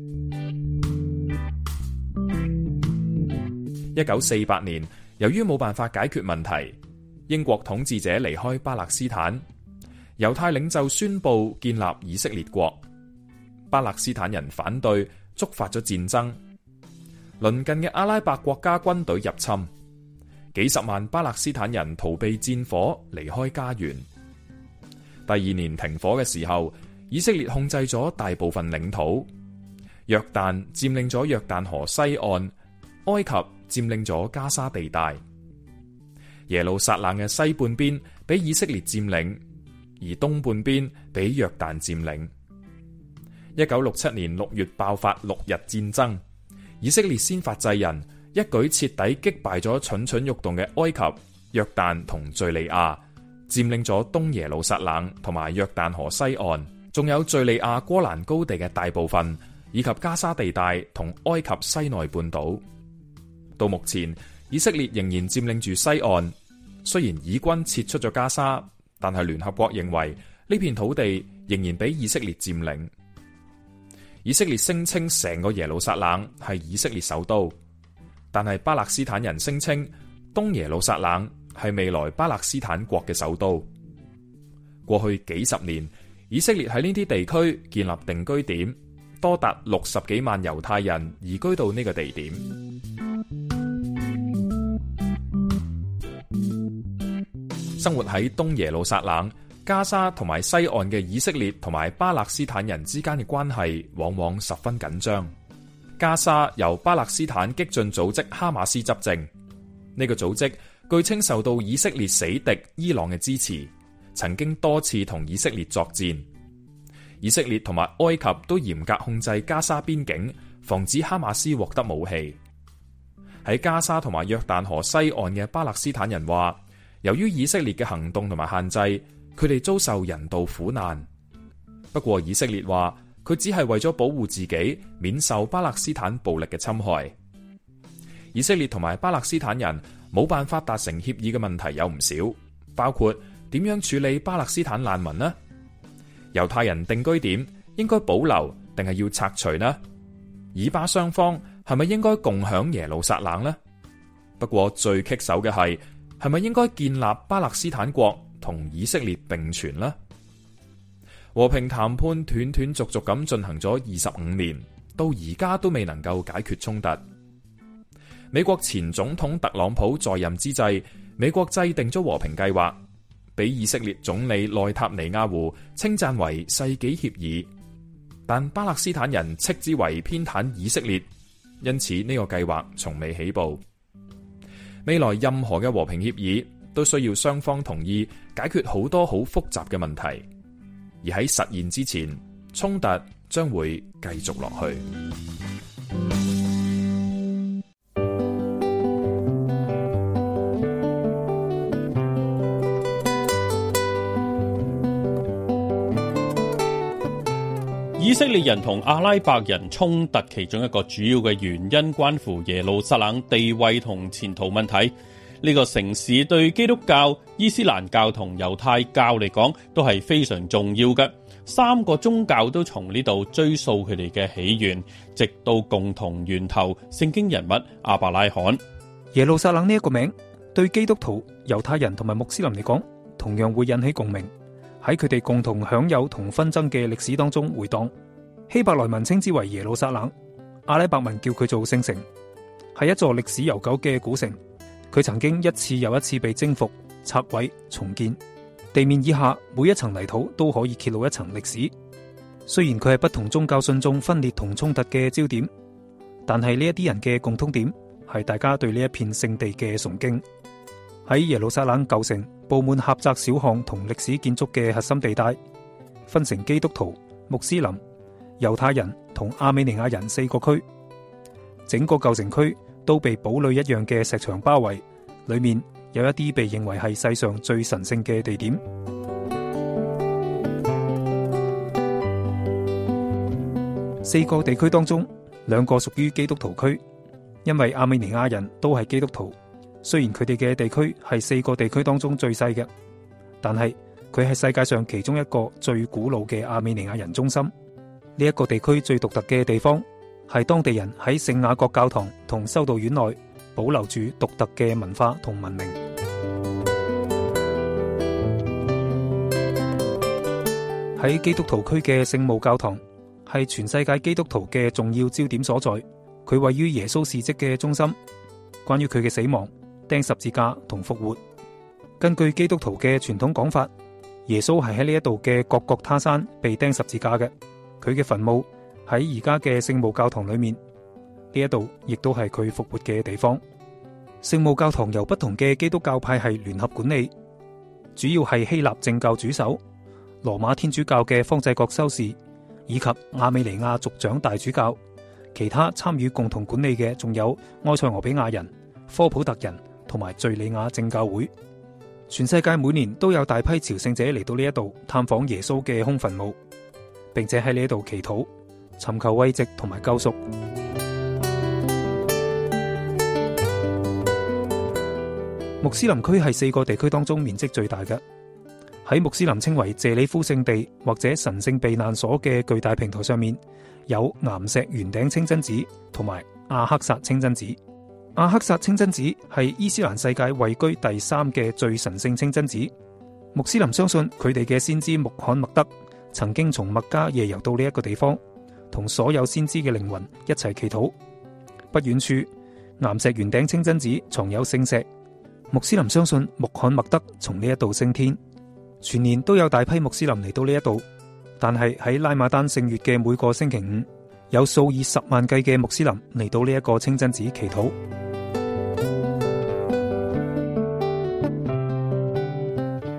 一九四八年，由於冇辦法解決問題，英國統治者離開巴勒斯坦。猶太領袖宣佈建立以色列國。巴勒斯坦人反對，觸發咗戰爭。鄰近嘅阿拉伯國家軍隊入侵，幾十萬巴勒斯坦人逃避戰火，離開家園。第二年停火嘅時候，以色列控制咗大部分領土。約旦佔領咗約旦河西岸，埃及。佔領咗加沙地帶，耶路撒冷嘅西半邊俾以色列佔領，而東半邊俾約旦佔領。一九六七年六月爆發六日戰爭，以色列先發制人，一舉徹底擊敗咗蠢蠢欲動嘅埃及、約旦同敘利亞，佔領咗東耶路撒冷同埋約旦河西岸，仲有敘利亞戈蘭高地嘅大部分，以及加沙地帶同埃及西奈半島。到目前，以色列仍然佔領住西岸。雖然以軍撤出咗加沙，但係聯合國認為呢片土地仍然俾以色列佔領。以色列聲稱成個耶路撒冷係以色列首都，但係巴勒斯坦人聲稱東耶路撒冷係未來巴勒斯坦國嘅首都。過去幾十年，以色列喺呢啲地區建立定居點，多達六十幾萬猶太人移居到呢個地點。生活喺東耶路撒冷、加沙同埋西岸嘅以色列同埋巴勒斯坦人之間嘅關係往往十分緊張。加沙由巴勒斯坦激進組織哈馬斯執政，呢個組織據稱受到以色列死敵伊朗嘅支持，曾經多次同以色列作戰。以色列同埋埃及都嚴格控制加沙邊境，防止哈馬斯獲得武器。喺加沙同埋約旦河西岸嘅巴勒斯坦人話。由於以色列嘅行動同埋限制，佢哋遭受人道苦難。不過以色列話佢只係為咗保護自己，免受巴勒斯坦暴力嘅侵害。以色列同埋巴勒斯坦人冇辦法達成協議嘅問題有唔少，包括點樣處理巴勒斯坦難民呢？猶太人定居點應該保留定係要拆除呢？以巴雙方係咪應該共享耶路撒冷呢？不過最棘手嘅係。係咪應該建立巴勒斯坦國同以色列並存呢？和平談判斷斷續續咁進行咗二十五年，到而家都未能夠解決衝突。美國前總統特朗普在任之際，美國制定咗和平計劃，俾以色列總理內塔尼亞胡稱讚為世紀協議，但巴勒斯坦人斥之為偏袒以色列，因此呢個計劃從未起步。未來任何嘅和平協議都需要雙方同意解決好多好複雜嘅問題，而喺實現之前，衝突將會繼續落去。以色列人同阿拉伯人衝突其中一個主要嘅原因，關乎耶路撒冷地位同前途問題。呢個城市對基督教、伊斯蘭教同猶太教嚟講，都係非常重要嘅。三個宗教都從呢度追溯佢哋嘅起源，直到共同源頭聖經人物阿伯拉罕。耶路撒冷呢一個名，對基督徒、猶太人同埋穆斯林嚟講，同樣會引起共鳴。喺佢哋共同享有同紛爭嘅歷史當中回盪。希伯來文稱之為耶路撒冷，阿拉伯文叫佢做聖城，係一座歷史悠久嘅古城。佢曾經一次又一次被征服、拆毀、重建。地面以下每一層泥土都可以揭露一層歷史。雖然佢係不同宗教信眾分裂同衝突嘅焦點，但係呢一啲人嘅共通點係大家對呢一片聖地嘅崇敬。喺耶路撒冷舊城，布滿狹窄小巷同歷史建築嘅核心地帶，分成基督徒、穆斯林、猶太人同阿美尼亞人四個區，整個舊城區都被堡壘一樣嘅石牆包圍。裏面有一啲被認為係世上最神聖嘅地點。四個地區當中，兩個屬於基督徒區，因為阿美尼亞人都係基督徒。雖然佢哋嘅地區係四個地區當中最細嘅，但係佢係世界上其中一個最古老嘅阿美尼亞人中心。呢一個地區最獨特嘅地方係當地人喺聖雅各教堂同修道院內保留住獨特嘅文化同文明。喺 基督徒區嘅聖墓教堂係全世界基督徒嘅重要焦點所在。佢位於耶穌事跡嘅中心，關於佢嘅死亡、釘十字架同復活。根據基督徒嘅傳統講法，耶穌係喺呢一度嘅各各他山被釘十字架嘅。佢嘅墳墓喺而家嘅聖母教堂裏面，呢一度亦都係佢復活嘅地方。聖母教堂由不同嘅基督教派系聯合管理，主要係希臘正教主首羅馬天主教嘅方濟各修士以及亞美尼亞族長大主教。其他參與共同管理嘅仲有埃塞俄比亞人、科普特人同埋敘利亞正教會。全世界每年都有大批朝聖者嚟到呢一度探訪耶穌嘅空墳墓、墓。並且喺呢度祈禱，尋求慰藉同埋救贖。 穆斯林區係四個地區當中面積最大嘅。喺穆斯林稱為謝里夫聖地或者神聖避難所嘅巨大平台上面，有岩石圓頂清真寺同埋阿克薩清真寺。阿克薩清真寺係伊斯蘭世界位居第三嘅最神聖清真寺。穆斯林相信佢哋嘅先知穆罕默德。曾經從麥加夜遊到呢一個地方，同所有先知嘅靈魂一齊祈禱。不遠處，岩石圓頂清真寺藏有聖石。穆斯林相信穆罕默德從呢一度升天。全年都有大批穆斯林嚟到呢一度，但係喺拉馬丹聖月嘅每個星期五，有數以十萬計嘅穆斯林嚟到呢一個清真寺祈禱。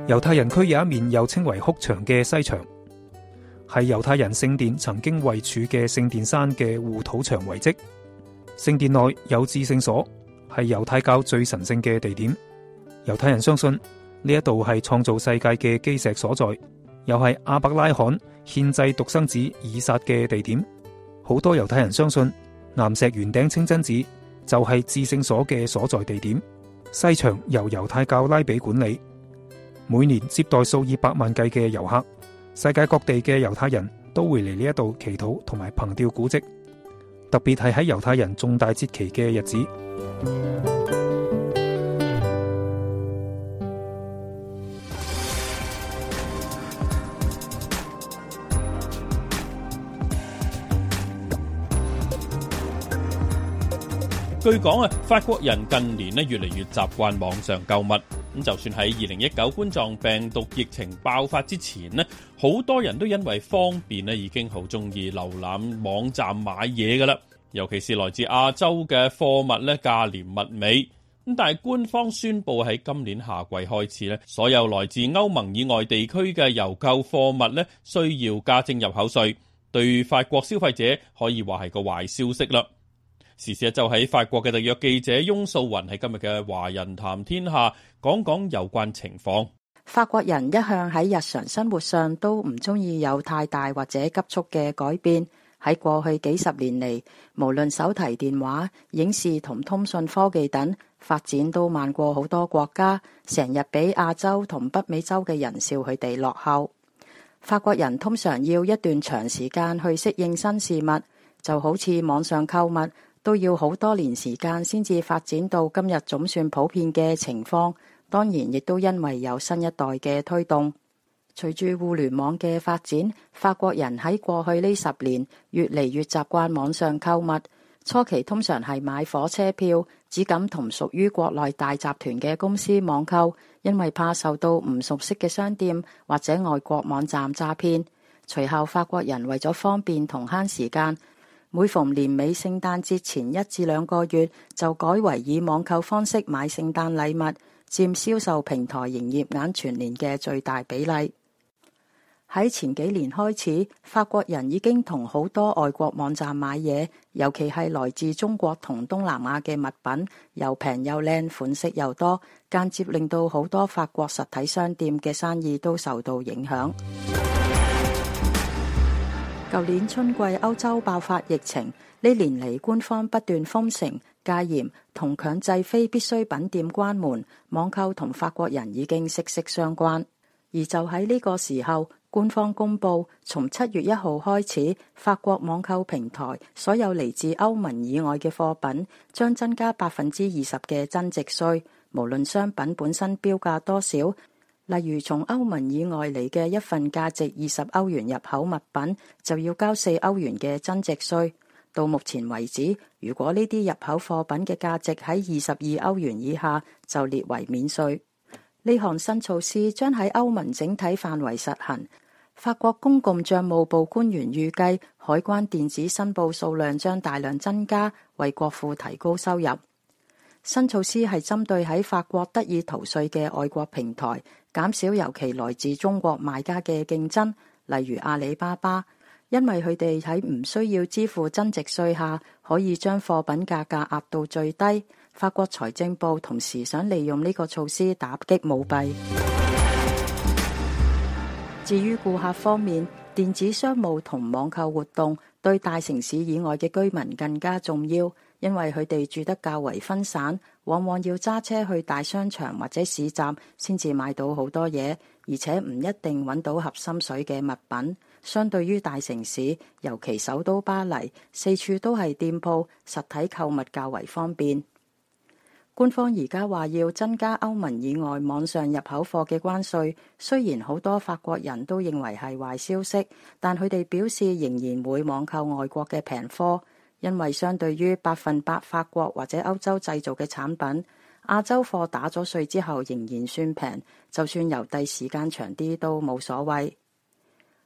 猶太人區有一面又稱為哭牆嘅西牆。係猶太人聖殿曾經位處嘅聖殿山嘅護土牆遺迹。聖殿內有至聖所，係猶太教最神聖嘅地點。猶太人相信呢一度係創造世界嘅基石所在，又係亞伯拉罕獻祭獨生子以撒嘅地點。好多猶太人相信南石圓頂清真寺就係至聖所嘅所在地點。西牆由猶太教拉比管理，每年接待數以百萬計嘅遊客。世界各地嘅猶太人都會嚟呢一度祈禱同埋憑弔古迹，特別係喺猶太人重大節期嘅日子。據講啊，法國人近年咧越嚟越習慣網上購物。就算喺二零一九冠狀病毒疫情爆發之前咧，好多人都因為方便咧，已經好中意瀏覽網站買嘢噶啦。尤其是來自亞洲嘅貨物咧，價廉物美。咁但係官方宣布喺今年夏季開始咧，所有來自歐盟以外地區嘅郵購貨物咧，需要加徵入口稅，對法國消費者可以話係個壞消息啦。時事就喺法國嘅特約記者翁素云喺今日嘅《華人談天下》講講有關情況。法國人一向喺日常生活上都唔中意有太大或者急速嘅改變。喺過去幾十年嚟，無論手提電話、影視同通訊科技等發展，都慢過好多國家。成日俾亞洲同北美洲嘅人笑佢哋落後。法國人通常要一段長時間去適應新事物，就好似網上購物。都要好多年時間先至發展到今日，總算普遍嘅情況，當然，亦都因為有新一代嘅推動。隨住互聯網嘅發展，法國人喺過去呢十年越嚟越習慣網上購物。初期通常係買火車票，只敢同屬於國內大集團嘅公司網購，因為怕受到唔熟悉嘅商店或者外國網站詐騙。隨後，法國人為咗方便同慳時間。每逢年尾，聖誕節前一至兩個月，就改為以網購方式買聖誕禮物，佔銷售平台營業額全年嘅最大比例。喺前幾年開始，法國人已經同好多外國網站買嘢，尤其係來自中國同東南亞嘅物品，又平又靚，款式又多，間接令到好多法國實體商店嘅生意都受到影響。舊年春季歐洲爆發疫情，呢年嚟官方不斷封城、戒嚴同強制非必需品店關門，網購同法國人已經息息相關。而就喺呢個時候，官方公布，從七月一號開始，法國網購平台所有嚟自歐盟以外嘅貨品，將增加百分之二十嘅增值稅，無論商品本身標價多少。例如，從歐盟以外嚟嘅一份價值二十歐元入口物品，就要交四歐元嘅增值稅。到目前為止，如果呢啲入口貨品嘅價值喺二十二歐元以下，就列為免稅。呢項新措施將喺歐盟整體範圍實行。法國公共賬務部官員預計，海關電子申報數量將大量增加，為國庫提高收入。新措施係針對喺法國得以逃稅嘅外國平台，減少尤其來自中國賣家嘅競爭，例如阿里巴巴，因為佢哋喺唔需要支付增值稅下，可以將貨品價格壓到最低。法國財政部同時想利用呢個措施打擊舞弊。至於顧客方面，電子商務同網購活動對大城市以外嘅居民更加重要。因為佢哋住得較為分散，往往要揸車去大商場或者市站先至買到好多嘢，而且唔一定揾到合心水嘅物品。相對於大城市，尤其首都巴黎，四處都係店鋪，實體購物較為方便。官方而家話要增加歐盟以外網上入口貨嘅關稅，雖然好多法國人都認為係壞消息，但佢哋表示仍然會網購外國嘅平貨。因為相對於百分百法國或者歐洲製造嘅產品，亞洲貨打咗稅之後仍然算平，就算郵遞時間長啲都冇所謂。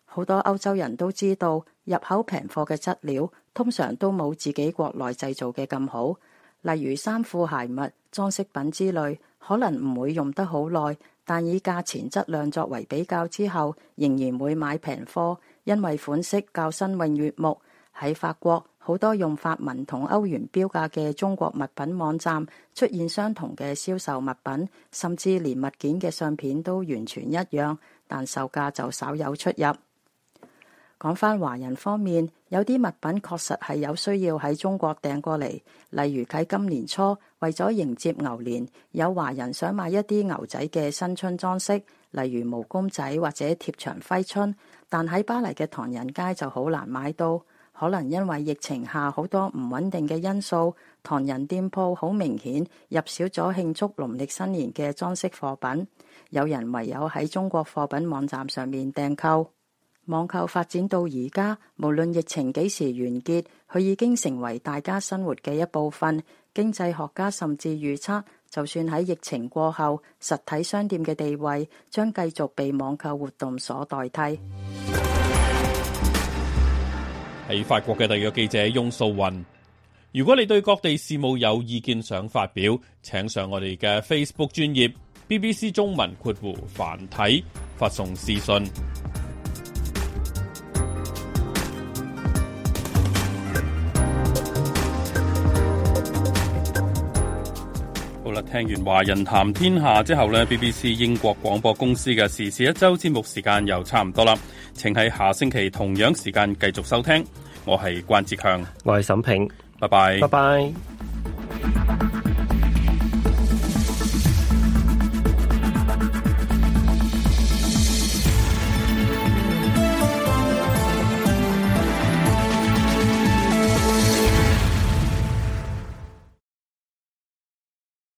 好多歐洲人都知道，入口平貨嘅質料通常都冇自己國內製造嘅咁好，例如衫褲、鞋襪裝飾品之類，可能唔會用得好耐，但以價錢、質量作為比較之後，仍然會買平貨，因為款式較新穎悅目喺法國。好多用法文同歐元標價嘅中國物品網站出現相同嘅銷售物品，甚至連物件嘅相片都完全一樣，但售價就稍有出入。講返華人方面，有啲物品確實係有需要喺中國訂過嚟，例如喺今年初為咗迎接牛年，有華人想買一啲牛仔嘅新春裝飾，例如毛公仔或者貼牆揮春，但喺巴黎嘅唐人街就好難買到。可能因為疫情下好多唔穩定嘅因素，唐人店鋪好明顯入少咗慶祝農曆新年嘅裝飾貨品。有人唯有喺中國貨品網站上面訂購。網購發展到而家，無論疫情幾時完結，佢已經成為大家生活嘅一部分。經濟學家甚至預測，就算喺疫情過後實體商店嘅地位將繼續被網購活動所代替。喺法國嘅第二個記者翁素雲。如果你對各地事務有意見想發表，請上我哋嘅 Facebook 專頁 BBC 中文括弧繁體發送私信。好啦，聽完華人談天下之後呢，BBC 英國廣播公司嘅時事一周節目時間又差唔多啦。請喺下星期同樣時間繼續收聽，我係關志強，我係沈平，拜拜，拜拜。